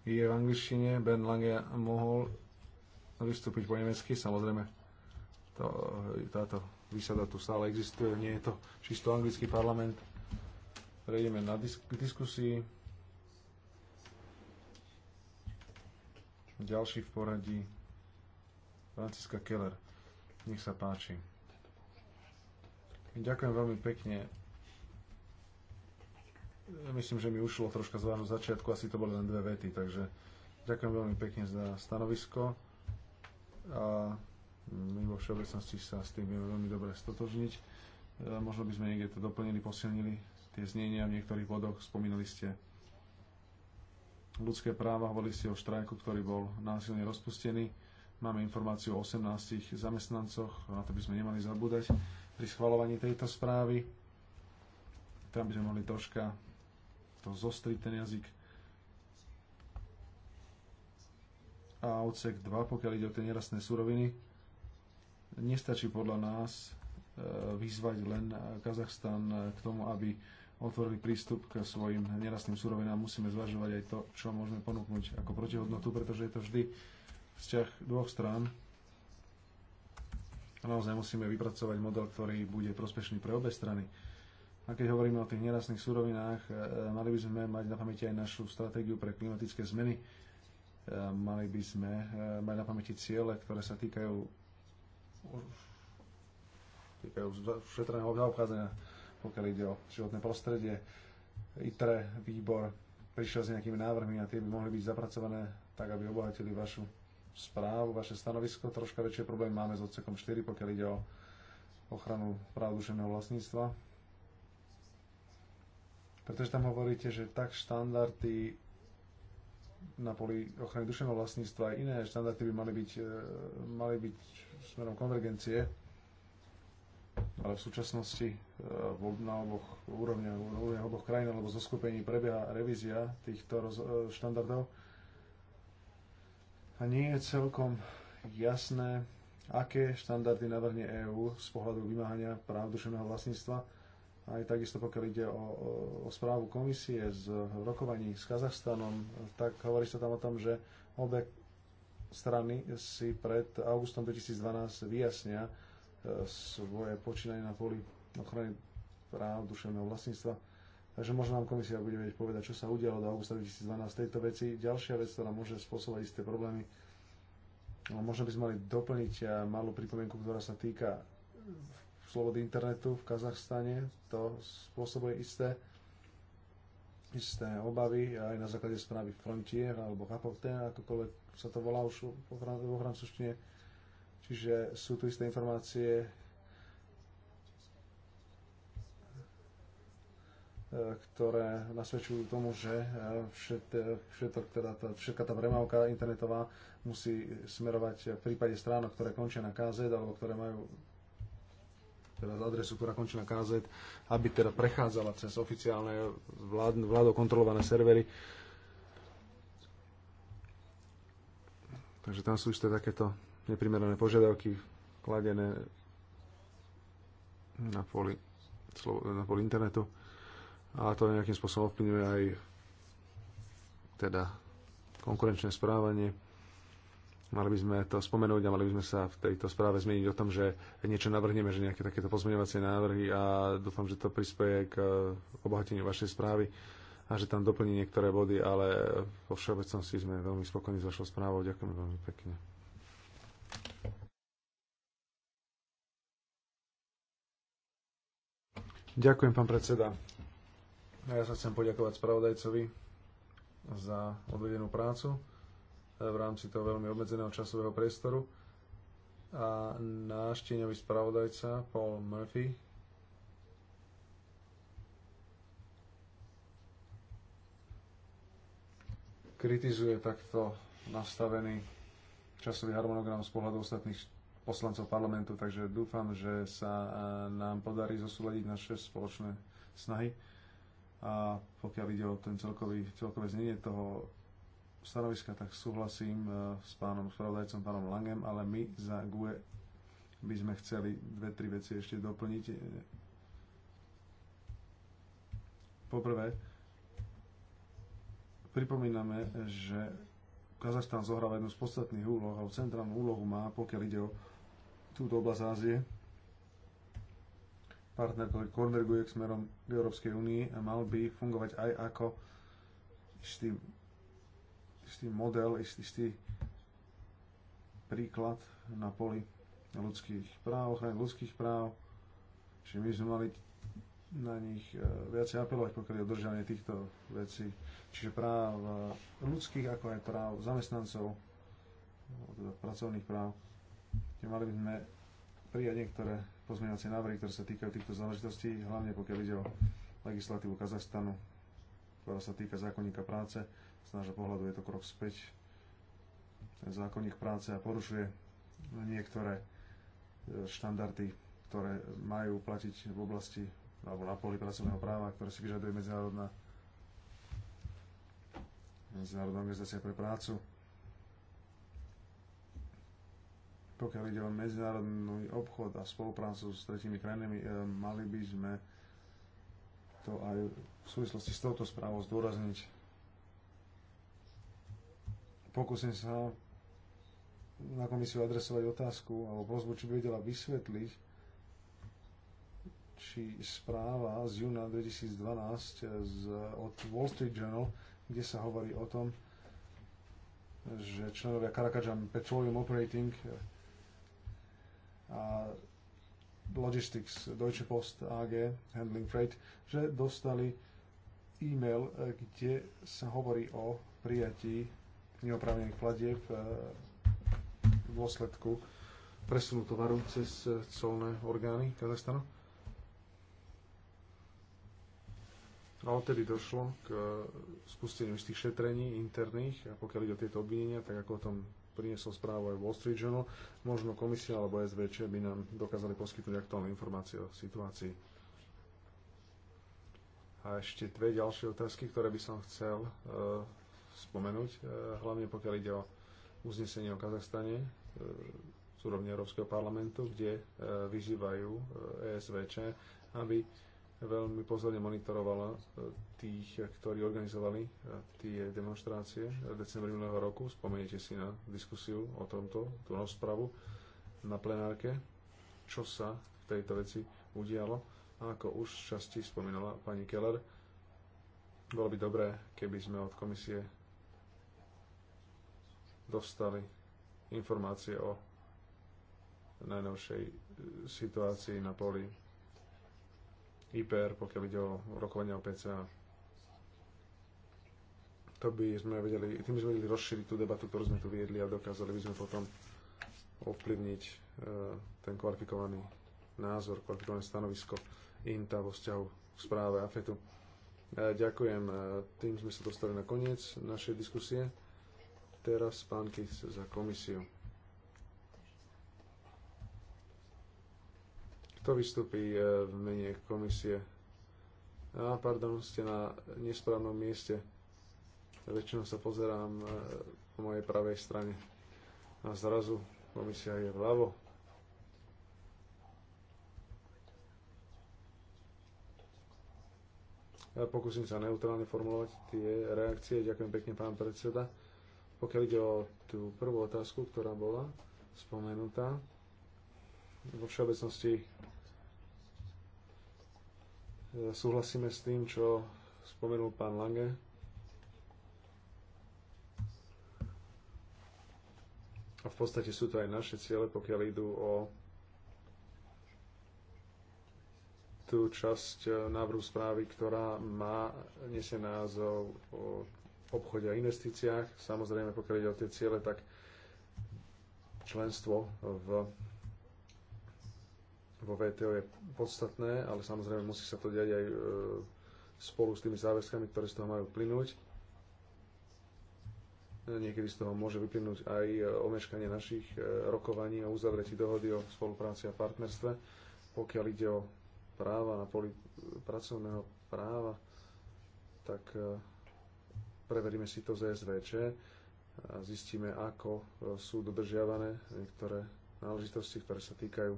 je v angličtine. Ben Lange mohol vystúpiť po nemecky. Samozrejme, to, e, táto výsada tu stále existuje. Nie je to čisto anglický parlament. Prejdeme na disk- diskusii. Ďalší v poradí Franciska Keller. Nech sa páči. Ďakujem veľmi pekne Myslím, že mi ušlo troška z vášho začiatku, asi to boli len dve vety, takže ďakujem veľmi pekne za stanovisko a my vo všeobecnosti sa s tým vieme veľmi dobre stotožniť. E, možno by sme niekde to doplnili, posilnili tie znenia v niektorých bodoch. Spomínali ste ľudské práva, hovorili ste o štrajku, ktorý bol násilne rozpustený. Máme informáciu o 18 zamestnancoch, na to by sme nemali zabúdať pri schvalovaní tejto správy. Tam by sme mohli troška to zostriť ten jazyk. A odsek 2, pokiaľ ide o tie nerastné suroviny, nestačí podľa nás e, vyzvať len Kazachstan k tomu, aby otvorili prístup k svojim nerastným surovinám. Musíme zvažovať aj to, čo môžeme ponúknuť ako protihodnotu, pretože je to vždy vzťah dvoch strán. A naozaj musíme vypracovať model, ktorý bude prospešný pre obe strany. A keď hovoríme o tých nerastných surovinách, e, e, mali by sme mať na pamäti aj našu stratégiu pre klimatické zmeny. E, mali by sme mať na pamäti ciele, ktoré sa týkajú týkajú šetrného obchádzania, pokiaľ ide o životné prostredie. ITRE, výbor, prišiel s nejakými návrhmi a tie by mohli byť zapracované tak, aby obohatili vašu správu, vaše stanovisko. Troška väčšie problém máme s odsekom 4, pokiaľ ide o ochranu práv duševného vlastníctva pretože tam hovoríte, že tak štandardy na poli ochrany duševného vlastníctva a iné štandardy by mali byť, e, mali byť smerom konvergencie, ale v súčasnosti e, na oboch úrovniach, úrovniach oboch krajín alebo zo skupení prebieha revízia týchto e, štandardov a nie je celkom jasné, aké štandardy navrhne EÚ z pohľadu vymáhania práv duševného vlastníctva aj takisto pokiaľ ide o, o správu komisie z rokovaní s Kazachstanom, tak hovorí sa tam o tom, že obe strany si pred augustom 2012 vyjasnia e, svoje počínanie na poli ochrany práv duševného vlastníctva. Takže možno nám komisia bude vedieť povedať, čo sa udialo do augusta 2012 v tejto veci. Ďalšia vec, ktorá môže spôsobovať isté problémy, možno by sme mali doplniť e, malú pripomienku, ktorá sa týka slobody internetu v Kazachstane. To spôsobuje isté, isté obavy aj na základe správy Frontier alebo Rapporteur, akokoľvek sa to volá už vo francúzštine. Čiže sú tu isté informácie, eh, ktoré nasvedčujú tomu, že eh, všet, všetok, teda tá, všetka tá premávka internetová musí smerovať v prípade stránok, ktoré končia na KZ alebo ktoré majú teda z adresu, ktorá končí na KZ, aby teda prechádzala cez oficiálne vlád, vládou kontrolované servery. Takže tam sú ešte takéto neprimerané požiadavky kladené na poli, na poli internetu a to nejakým spôsobom ovplyvňuje aj teda konkurenčné správanie Mali by sme to spomenúť a mali by sme sa v tejto správe zmeniť o tom, že niečo navrhneme, že nejaké takéto pozmeňovacie návrhy a dúfam, že to prispieje k eh, obohateniu vašej správy a že tam doplní niektoré body, ale vo všeobecnosti sme veľmi spokojní s vašou správou. Ďakujem veľmi pekne. Ďakujem, pán predseda. A ja sa chcem poďakovať spravodajcovi za odvedenú prácu v rámci toho veľmi obmedzeného časového priestoru. A náš tieňový spravodajca Paul Murphy kritizuje takto nastavený časový harmonogram z pohľadu ostatných poslancov parlamentu, takže dúfam, že sa e, nám podarí zosúľadiť naše spoločné snahy. A pokiaľ ide o ten celkový, celkové znenie toho stanoviska, tak súhlasím e, s pánom spravodajcom, pánom Langem, ale my za GUE by sme chceli dve, tri veci ešte doplniť. E, poprvé, pripomíname, že Kazachstan zohráva jednu z podstatných úloh, alebo centrálnu úlohu má, pokiaľ ide o túto oblasť Ázie. Partner, ktorý konverguje k smerom Európskej únii, mal by fungovať aj ako istý istý model, istý, istý príklad na poli ľudských práv, ochrany ľudských práv, čiže my sme mali na nich e, viacej apelovať, pokiaľ je održanie týchto vecí, čiže práv e, ľudských, ako aj práv zamestnancov, teda pracovných práv. Čiže mali by sme prijať niektoré pozmeňovacie návrhy, ktoré sa týkajú týchto záležitostí, hlavne pokiaľ ide o legislatívu Kazachstanu, ktorá sa týka zákonníka práce z nášho pohľadu je to krok späť. Ten zákonník práce a porušuje niektoré e, štandardy, ktoré majú platiť v oblasti alebo na poli pracovného práva, ktoré si vyžaduje medzinárodná Medzinárodná organizácia pre prácu. Pokiaľ ide o medzinárodný obchod a spoluprácu s tretími krajinami, e, mali by sme to aj v súvislosti s touto správou zdôrazniť. Pokúsim sa na komisiu adresovať otázku alebo prozbu, či by vedela vysvetliť, či správa z júna 2012 z, od Wall Street Journal, kde sa hovorí o tom, že členovia Karakajan Petroleum Operating a Logistics Deutsche Post AG Handling Freight, že dostali e-mail, kde sa hovorí o prijatí neoprávnených platieb e, v dôsledku presunu tovaru cez colné orgány Kazachstanu. A odtedy došlo k e, spusteniu z tých šetrení interných, a pokiaľ ide o tieto obvinenia, tak ako o tom priniesol správu aj Wall Street Journal, možno komisia alebo SVČ by nám dokázali poskytnúť aktuálne informácie o situácii. A ešte dve ďalšie otázky, ktoré by som chcel e, spomenúť, e, hlavne pokiaľ ide o uznesenie o Kazachstane e, z úrovne Európskeho parlamentu, kde e, vyzývajú ESVČ, aby veľmi pozorne monitorovala tých, ktorí organizovali tie demonstrácie v decembri minulého roku. Spomeniete si na diskusiu o tomto, tú rozpravu na plenárke, čo sa v tejto veci udialo. A ako už časti spomínala pani Keller, bolo by dobré, keby sme od komisie dostali informácie o najnovšej e, situácii na poli IPR, pokiaľ ide o rokovania o PCA. To by sme vedeli, tým by sme vedeli rozšíriť tú debatu, ktorú sme tu viedli a dokázali by sme potom ovplyvniť e, ten kvalifikovaný názor, kvalifikované stanovisko INTA vo vzťahu k správe AFETu. E, ďakujem, tým sme sa dostali na koniec našej diskusie teraz pán Kic za komisiu. Kto vystúpi e, v mene komisie? A, pardon, ste na nesprávnom mieste. Väčšinou sa pozerám e, po mojej pravej strane. A zrazu komisia je vľavo. Ja pokúsim sa neutrálne formulovať tie reakcie. Ďakujem pekne, pán predseda. Pokiaľ ide o tú prvú otázku, ktorá bola spomenutá, vo všeobecnosti e, súhlasíme s tým, čo spomenul pán Lange. A v podstate sú to aj naše ciele, pokiaľ idú o tú časť e, návrhu správy, ktorá má, nesie názov o obchode a investíciách. Samozrejme, pokiaľ ide o tie ciele, tak členstvo v, vo VTO je podstatné, ale samozrejme musí sa to diať aj e, spolu s tými záväzkami, ktoré z toho majú plynúť. Niekedy z toho môže vyplynúť aj e, omeškanie našich e, rokovaní o uzavretí dohody o spolupráci a partnerstve. Pokiaľ ide o práva na poli pracovného práva, tak preveríme si to z SVČ a zistíme, ako e, sú dodržiavané niektoré náležitosti, ktoré sa týkajú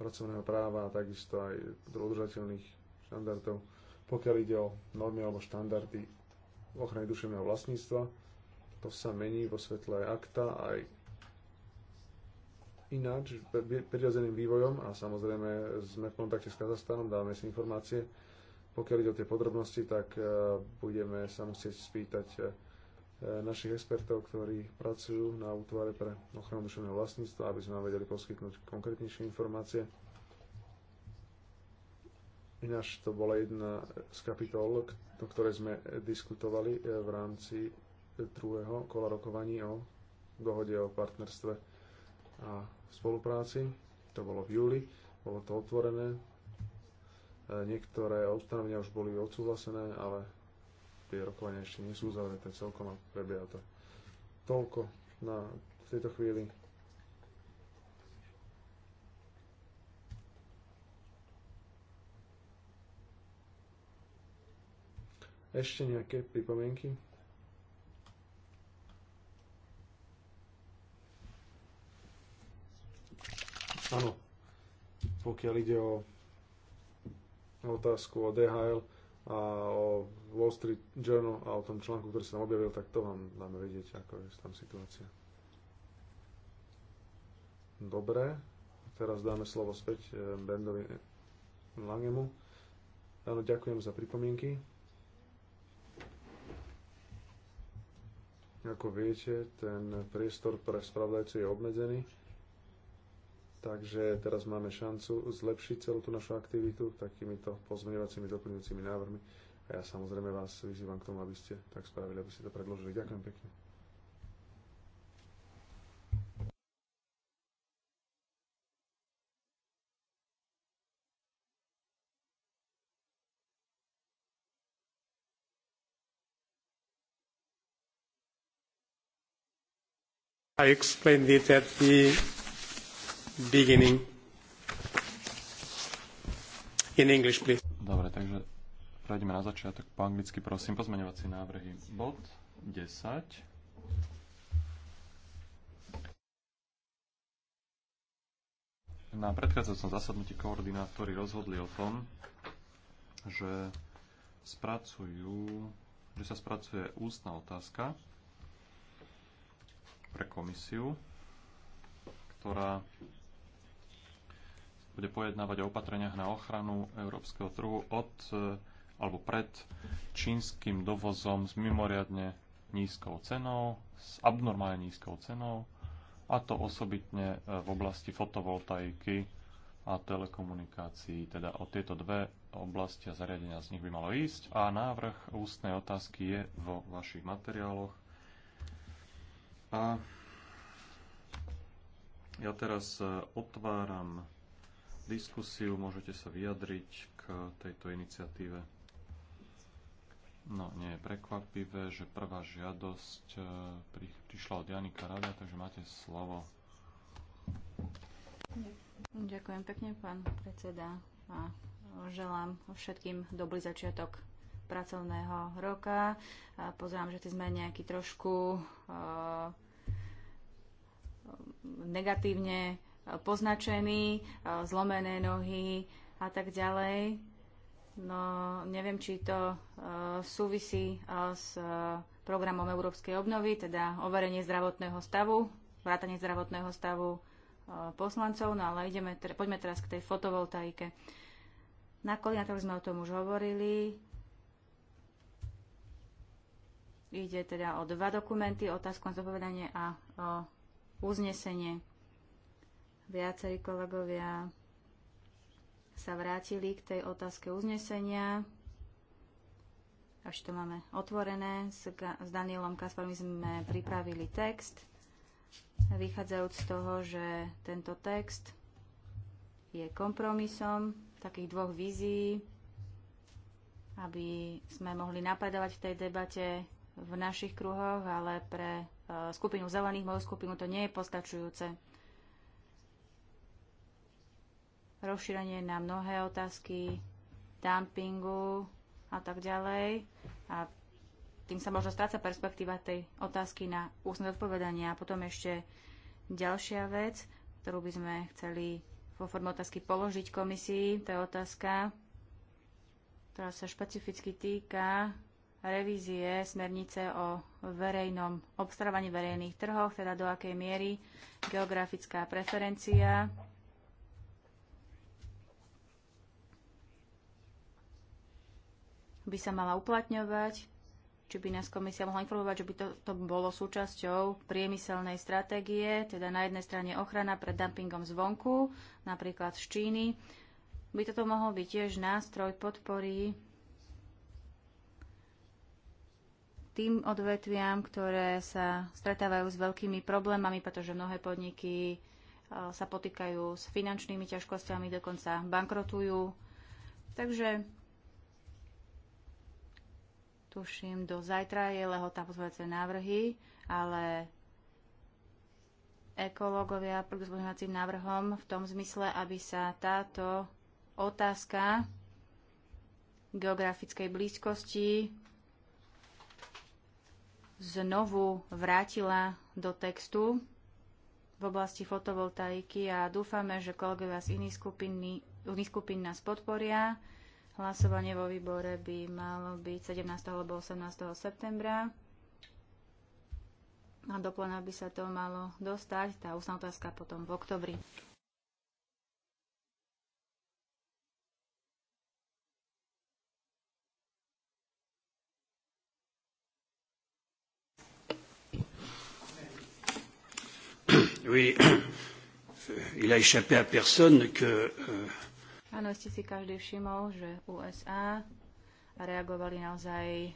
pracovného práva a takisto aj udržateľných štandardov, pokiaľ ide o normy alebo štandardy ochrany duševného vlastníctva. To sa mení vo svetle aj akta, aj ináč, prirodzeným vývojom a samozrejme sme v kontakte s Kazachstanom, dávame si informácie, pokiaľ ide o tie podrobnosti, tak e, budeme sa musieť spýtať e, našich expertov, ktorí pracujú na útvare pre ochranu duševného vlastníctva, aby sme vám vedeli poskytnúť konkrétnejšie informácie. Ináč to bola jedna z kapitol, o ktorej sme diskutovali e, v rámci druhého kola rokovaní o dohode o partnerstve a spolupráci. To bolo v júli, bolo to otvorené, E, niektoré ustanovenia už boli odsúhlasené, ale tie rokovania ešte nie sú uzavreté celkom a prebieha to. Toľko na, v tejto chvíli. Ešte nejaké pripomienky? Áno, pokiaľ ide o otázku o DHL a o Wall Street Journal a o tom článku, ktorý sa tam objavil, tak to vám dáme vedieť, ako je tam situácia. Dobre, teraz dáme slovo späť eh, Bendovi Langemu. Áno, ďakujem za pripomienky. Ako viete, ten priestor pre spravodajcu je obmedzený Takže teraz máme šancu zlepšiť celú tú našu aktivitu takýmito pozmeňovacími doplňujúcimi návrhmi. A ja samozrejme vás vyzývam k tomu, aby ste tak spravili, aby ste to predložili. Ďakujem pekne. I explained it at the beginning. In English, please. Dobre, takže prejdeme na začiatok po anglicky, prosím, pozmeňovací návrhy. Bod 10. Na predchádzajúcom zasadnutí koordinátori rozhodli o tom, že spracujú, že sa spracuje ústna otázka pre komisiu, ktorá bude pojednávať o opatreniach na ochranu európskeho trhu od eh, alebo pred čínskym dovozom s mimoriadne nízkou cenou, s abnormálne nízkou cenou, a to osobitne eh, v oblasti fotovoltaiky a telekomunikácií. Teda o tieto dve oblasti a zariadenia z nich by malo ísť. A návrh ústnej otázky je vo vašich materiáloch. A ja teraz eh, otváram diskusiu, môžete sa vyjadriť k tejto iniciatíve. No, nie je prekvapivé, že prvá žiadosť e, pri, prišla od Janika Rada, takže máte slovo. Ďakujem pekne, pán predseda, a želám všetkým dobrý začiatok pracovného roka. A pozerám, že sme nejaký trošku uh, e, negatívne poznačený, zlomené nohy a tak ďalej. No, neviem, či to e, súvisí e, s e, programom Európskej obnovy, teda overenie zdravotného stavu, vrátanie zdravotného stavu poslancov, no ale ideme, poďme teraz k tej fotovoltaike. Na koordinátor sme o tom už hovorili. Ide teda o dva dokumenty, otázku na zodpovedanie a o uznesenie. Viacerí kolegovia sa vrátili k tej otázke uznesenia. Až to máme otvorené. S, s Danielom Kaspami sme pripravili text, vychádzajúc z toho, že tento text je kompromisom takých dvoch vízií, aby sme mohli napredovať v tej debate v našich kruhoch, ale pre e, skupinu zelených, moju skupinu, to nie je postačujúce. rozšírenie na mnohé otázky dumpingu a tak ďalej. A tým sa možno stráca perspektíva tej otázky na ústne odpovedanie. A potom ešte ďalšia vec, ktorú by sme chceli vo forme otázky položiť komisii. To je otázka, ktorá sa špecificky týka revízie smernice o verejnom obstarávaní verejných trhoch, teda do akej miery geografická preferencia by sa mala uplatňovať, či by nás komisia mohla informovať, že by to, to bolo súčasťou priemyselnej stratégie, teda na jednej strane ochrana pred dumpingom zvonku, napríklad z Číny. By toto mohol byť tiež nástroj podpory tým odvetviam, ktoré sa stretávajú s veľkými problémami, pretože mnohé podniky e, sa potýkajú s finančnými ťažkosťami, dokonca bankrotujú. Takže tuším, do zajtra je lehota pozvojacie návrhy, ale ekológovia prídu s pozvoňovacím návrhom v tom zmysle, aby sa táto otázka geografickej blízkosti znovu vrátila do textu v oblasti fotovoltaiky a dúfame, že kolegovia z iných skupín, iných skupín nás podporia Hlasovanie vo výbore by malo byť 17. alebo 18. septembra. A do plena by sa to malo dostať, tá ústna otázka potom v oktobri. Oui, il a échappé à personne que euh, Áno, ste si každý všimol, že USA reagovali naozaj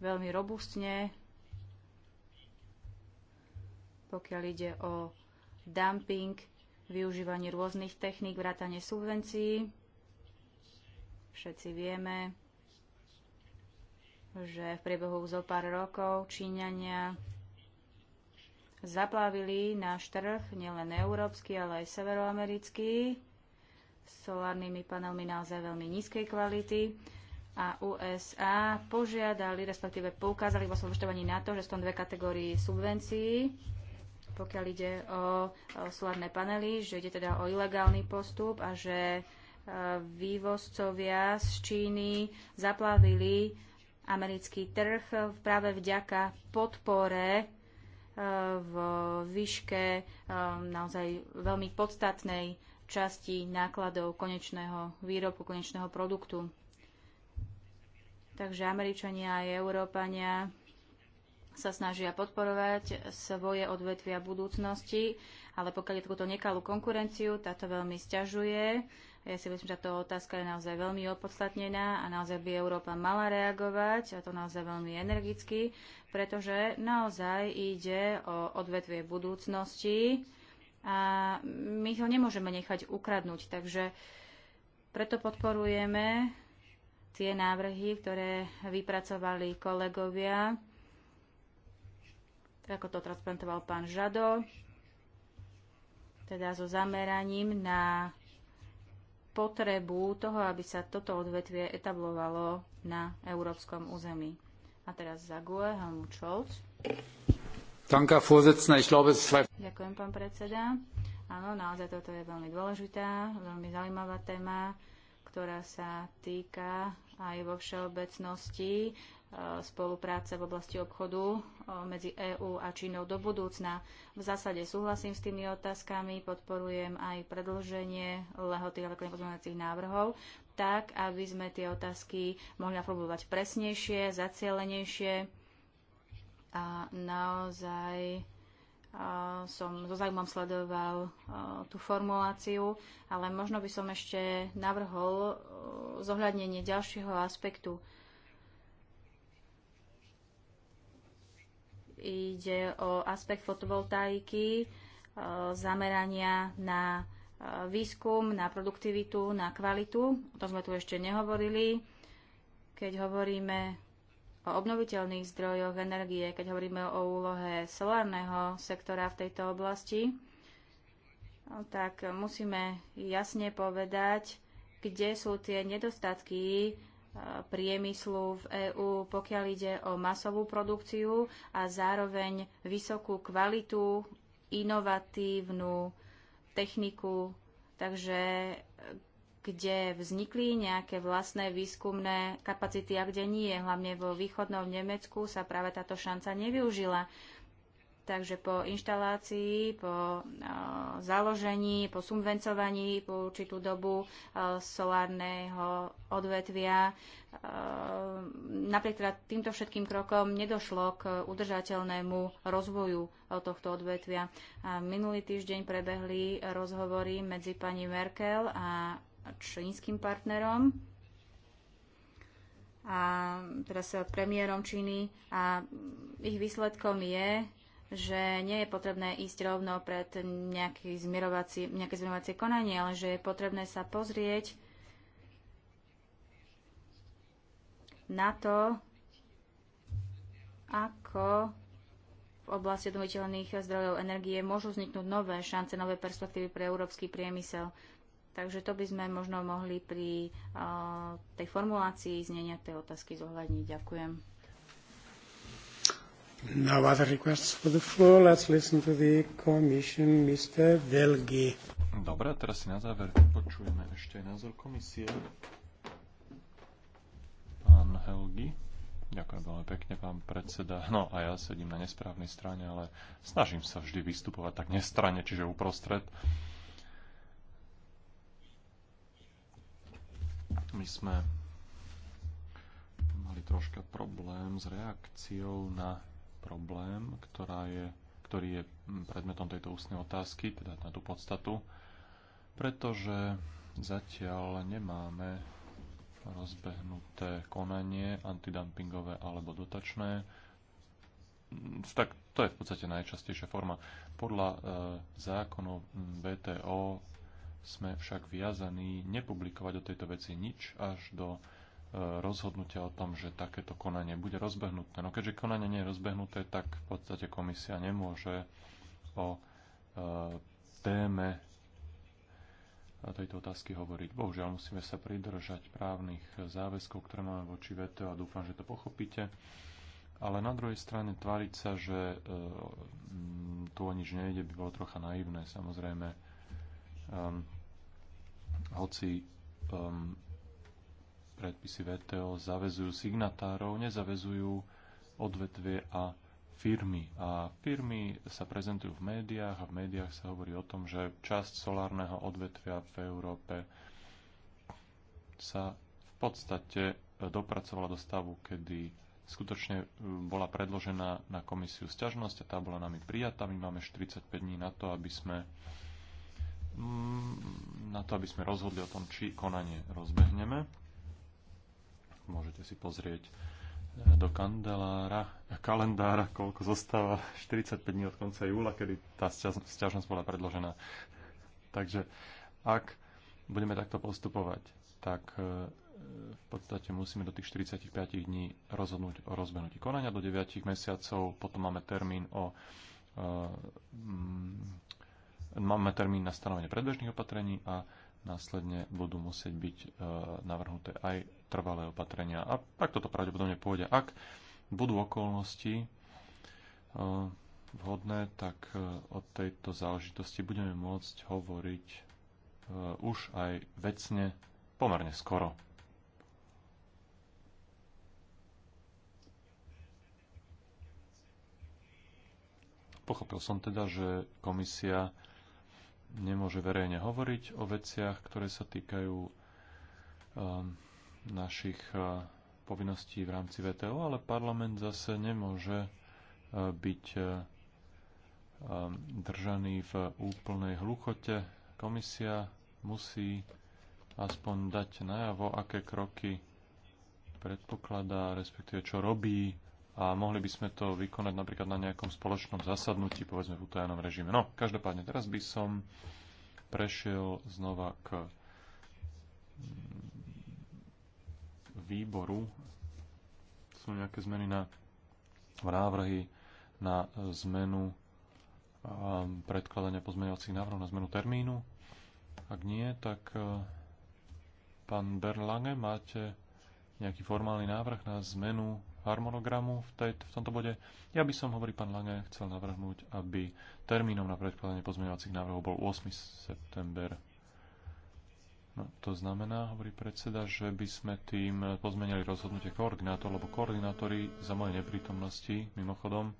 veľmi robustne, pokiaľ ide o dumping, využívanie rôznych techník, vrátanie subvencií. Všetci vieme, že v priebehu zo pár rokov Číňania zaplavili náš trh, nielen európsky, ale aj severoamerický, solárnymi panelmi naozaj veľmi nízkej kvality a USA požiadali, respektíve poukázali vo svojom štovaní na to, že sú tam dve kategórii subvencií, pokiaľ ide o, o solárne panely, že ide teda o ilegálny postup a že e, vývozcovia z Číny zaplavili americký trh práve vďaka podpore e, v výške e, naozaj veľmi podstatnej časti nákladov konečného výrobku, konečného produktu. Takže Američania aj Európania sa snažia podporovať svoje odvetvia budúcnosti, ale pokiaľ je takúto nekalú konkurenciu, táto veľmi sťažuje. Ja si myslím, že táto otázka je naozaj veľmi opodstatnená a naozaj by Európa mala reagovať, a to naozaj veľmi energicky, pretože naozaj ide o odvetvie budúcnosti a my ho nemôžeme nechať ukradnúť. Takže preto podporujeme tie návrhy, ktoré vypracovali kolegovia, ako to transplantoval pán Žado, teda so zameraním na potrebu toho, aby sa toto odvetvie etablovalo na európskom území. A teraz za GUE Čolc. Ďakujem, pán predseda. Áno, naozaj toto je veľmi dôležitá, veľmi zaujímavá téma, ktorá sa týka aj vo všeobecnosti e, spolupráce v oblasti obchodu e, medzi EÚ a Čínou do budúcna. V zásade súhlasím s tými otázkami, podporujem aj predlženie lehoty a pozmeňovacích návrhov, tak aby sme tie otázky mohli naformulovať presnejšie, zacielenejšie a naozaj som so zaujímom sledoval tú formuláciu, ale možno by som ešte navrhol zohľadnenie ďalšieho aspektu. Ide o aspekt fotovoltaiky, zamerania na výskum, na produktivitu, na kvalitu. O tom sme tu ešte nehovorili. Keď hovoríme o obnoviteľných zdrojoch energie, keď hovoríme o úlohe solárneho sektora v tejto oblasti, tak musíme jasne povedať, kde sú tie nedostatky e, priemyslu v EÚ, pokiaľ ide o masovú produkciu a zároveň vysokú kvalitu, inovatívnu techniku. Takže kde vznikli nejaké vlastné výskumné kapacity a kde nie. Hlavne vo východnom Nemecku sa práve táto šanca nevyužila. Takže po inštalácii, po e, založení, po subvencovaní po určitú dobu e, solárneho odvetvia, e, napriek teda týmto všetkým krokom nedošlo k udržateľnému rozvoju tohto odvetvia. A minulý týždeň prebehli rozhovory medzi pani Merkel a čínskym partnerom a teraz premiérom Číny a ich výsledkom je, že nie je potrebné ísť rovno pred nejaké zmierovacie konanie, ale že je potrebné sa pozrieť na to, ako v oblasti odnoviteľných zdrojov energie môžu vzniknúť nové šance, nové perspektívy pre európsky priemysel. Takže to by sme možno mohli pri uh, tej formulácii znenia tej otázky zohľadniť. Ďakujem. No other requests for the floor. Let's listen to the commission, Mr. Velgi. Dobre, teraz si na záver počujeme ešte názor komisie. Pán Helgi. Ďakujem veľmi pekne, pán predseda. No a ja sedím na nesprávnej strane, ale snažím sa vždy vystupovať tak nestranne, čiže uprostred. Uh, My sme mali troška problém s reakciou na problém, ktorá je, ktorý je predmetom tejto ústnej otázky, teda na tú podstatu, pretože zatiaľ nemáme rozbehnuté konanie antidumpingové alebo dotačné. Tak to je v podstate najčastejšia forma. Podľa e, zákonov BTO sme však viazaní nepublikovať o tejto veci nič až do e, rozhodnutia o tom, že takéto konanie bude rozbehnuté. No keďže konanie nie je rozbehnuté, tak v podstate komisia nemôže o e, téme tejto otázky hovoriť. Bohužiaľ, musíme sa pridržať právnych záväzkov, ktoré máme voči VT a dúfam, že to pochopíte. Ale na druhej strane tváriť sa, že e, tu o nič nejde, by bolo trocha naivné. Samozrejme, ehm, hoci um, predpisy VTO zavezujú signatárov, nezavezujú odvetvie a firmy. A firmy sa prezentujú v médiách a v médiách sa hovorí o tom, že časť solárneho odvetvia v Európe sa v podstate e, dopracovala do stavu, kedy skutočne e, bola predložená na komisiu sťažnosť a tá bola nami prijatá. My máme 45 dní na to, aby sme Mm, na to, aby sme rozhodli o tom, či konanie rozbehneme. Môžete si pozrieť eh, do kandelára, kalendára, koľko zostáva 45 dní od konca júla, kedy tá sťažnosť bola predložená. Takže ak budeme takto postupovať, tak eh, v podstate musíme do tých 45 dní rozhodnúť o rozbehnutí konania do 9 mesiacov, potom máme termín o eh, máme termín na stanovenie predbežných opatrení a následne budú musieť byť e, navrhnuté aj trvalé opatrenia. A tak toto pravdepodobne pôjde. Ak budú okolnosti e, vhodné, tak e, o tejto záležitosti budeme môcť hovoriť už aj vecne pomerne skoro. Pochopil som teda, že komisia nemôže verejne hovoriť o veciach, ktoré sa týkajú um, našich uh, povinností v rámci VTO, ale parlament zase nemôže uh, byť uh, um, držaný v úplnej hluchote. Komisia musí aspoň dať najavo, aké kroky predpokladá, respektíve čo robí a mohli by sme to vykonať napríklad na nejakom spoločnom zasadnutí, povedzme v utajenom režime. No, každopádne teraz by som prešiel znova k výboru. Sú nejaké zmeny na návrhy na zmenu um, predkladania pozmeňovacích návrhov na zmenu termínu. Ak nie, tak uh, pán Berlange, máte nejaký formálny návrh na zmenu harmonogramu v, tej, v tomto bode. Ja by som, hovorí pán Lange, chcel navrhnúť, aby termínom na predkladanie pozmeňovacích návrhov bol 8. september. No, to znamená, hovorí predseda, že by sme tým pozmenili rozhodnutie koordinátor, lebo koordinátori za mojej neprítomnosti, mimochodom,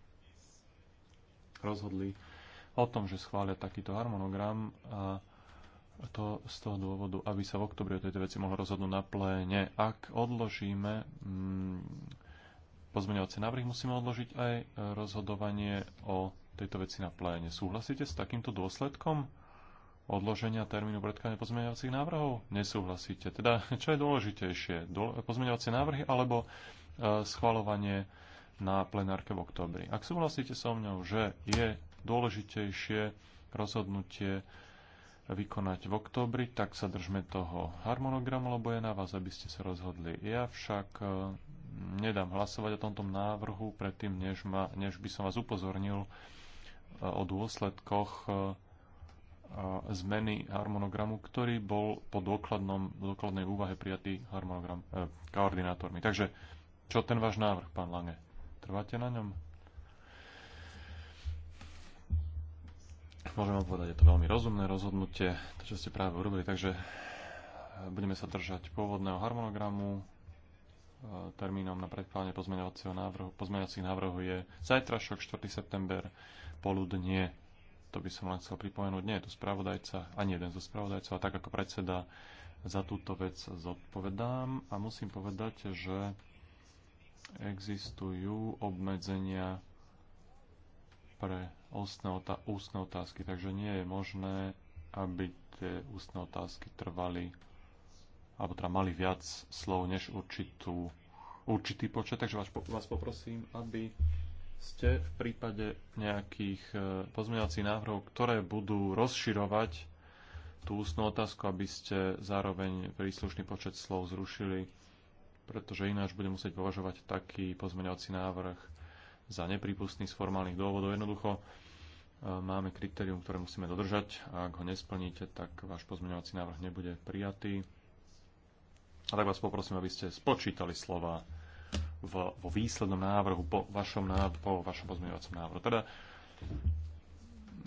rozhodli o tom, že schvália takýto harmonogram a to z toho dôvodu, aby sa v oktobri o tejto veci mohlo rozhodnúť na pléne. Ak odložíme mm, pozmeňovací návrh musíme odložiť aj rozhodovanie o tejto veci na pléne. Súhlasíte s takýmto dôsledkom odloženia termínu predkladania pozmeňovacích návrhov? Nesúhlasíte. Teda, čo je dôležitejšie? Pozmeňovacie návrhy alebo e, schvalovanie na plenárke v oktobri? Ak súhlasíte so mňou, že je dôležitejšie rozhodnutie vykonať v oktobri, tak sa držme toho harmonogramu, lebo je na vás, aby ste sa rozhodli. Ja však e, nedám hlasovať o tomto návrhu predtým, než, ma, než by som vás upozornil e, o dôsledkoch e, e, zmeny harmonogramu, ktorý bol po dôkladnom, dôkladnej úvahe prijatý harmonogram eh, koordinátormi. Takže čo ten váš návrh, pán Lange? Trváte na ňom? Môžem vám povedať, je to veľmi rozumné rozhodnutie, to, čo ste práve urobili, takže budeme sa držať pôvodného harmonogramu, termínom na predkladanie pozmeňovacieho návrhu, pozmeňovacích návrhov je zajtrašok 4. september poludnie. To by som len chcel pripomenúť. Nie je tu spravodajca, ani jeden zo spravodajcov, a tak ako predseda za túto vec zodpovedám a musím povedať, že existujú obmedzenia pre ústne otázky, takže nie je možné, aby tie ústne otázky trvali alebo teda mali viac slov než určitú, určitý počet, takže vás, vás poprosím, aby ste v prípade nejakých e, pozmeňovacích návrhov, ktoré budú rozširovať tú ústnú otázku, aby ste zároveň príslušný počet slov zrušili, pretože ináč budem musieť považovať taký pozmeňovací návrh za nepripustný z formálnych dôvodov. Jednoducho e, máme kritérium, ktoré musíme dodržať a ak ho nesplníte, tak váš pozmeňovací návrh nebude prijatý. A tak vás poprosím, aby ste spočítali slova v, vo výslednom návrhu, po vašom, po vašom pozmeňovacom návrhu. Teda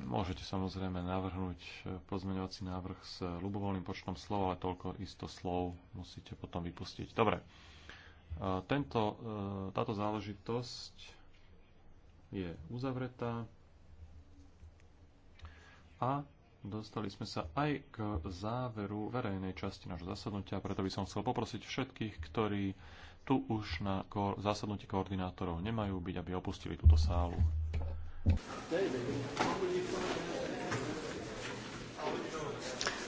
môžete samozrejme navrhnúť eh, pozmeňovací návrh s ľubovoľným počtom slov, ale toľko isto slov musíte potom vypustiť. Dobre. Eh, tento, eh, táto záležitosť je uzavretá a Dostali sme sa aj k záveru verejnej časti nášho zasadnutia, preto by som chcel poprosiť všetkých, ktorí tu už na ko- zasadnutí koordinátorov nemajú byť, aby opustili túto sálu.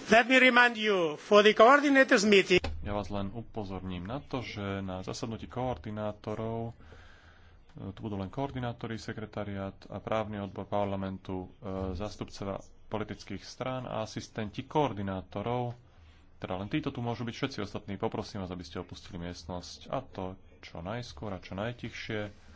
Let me remind you, for the coordinators meeting... Ja vás len upozorním na to, že na zasadnutí koordinátorov e, tu budú len koordinátori, sekretariat a právny odbor parlamentu, e, zastupcova politických strán a asistenti koordinátorov. Teda len títo tu môžu byť všetci ostatní. Poprosím vás, aby ste opustili miestnosť a to čo najskôr a čo najtichšie.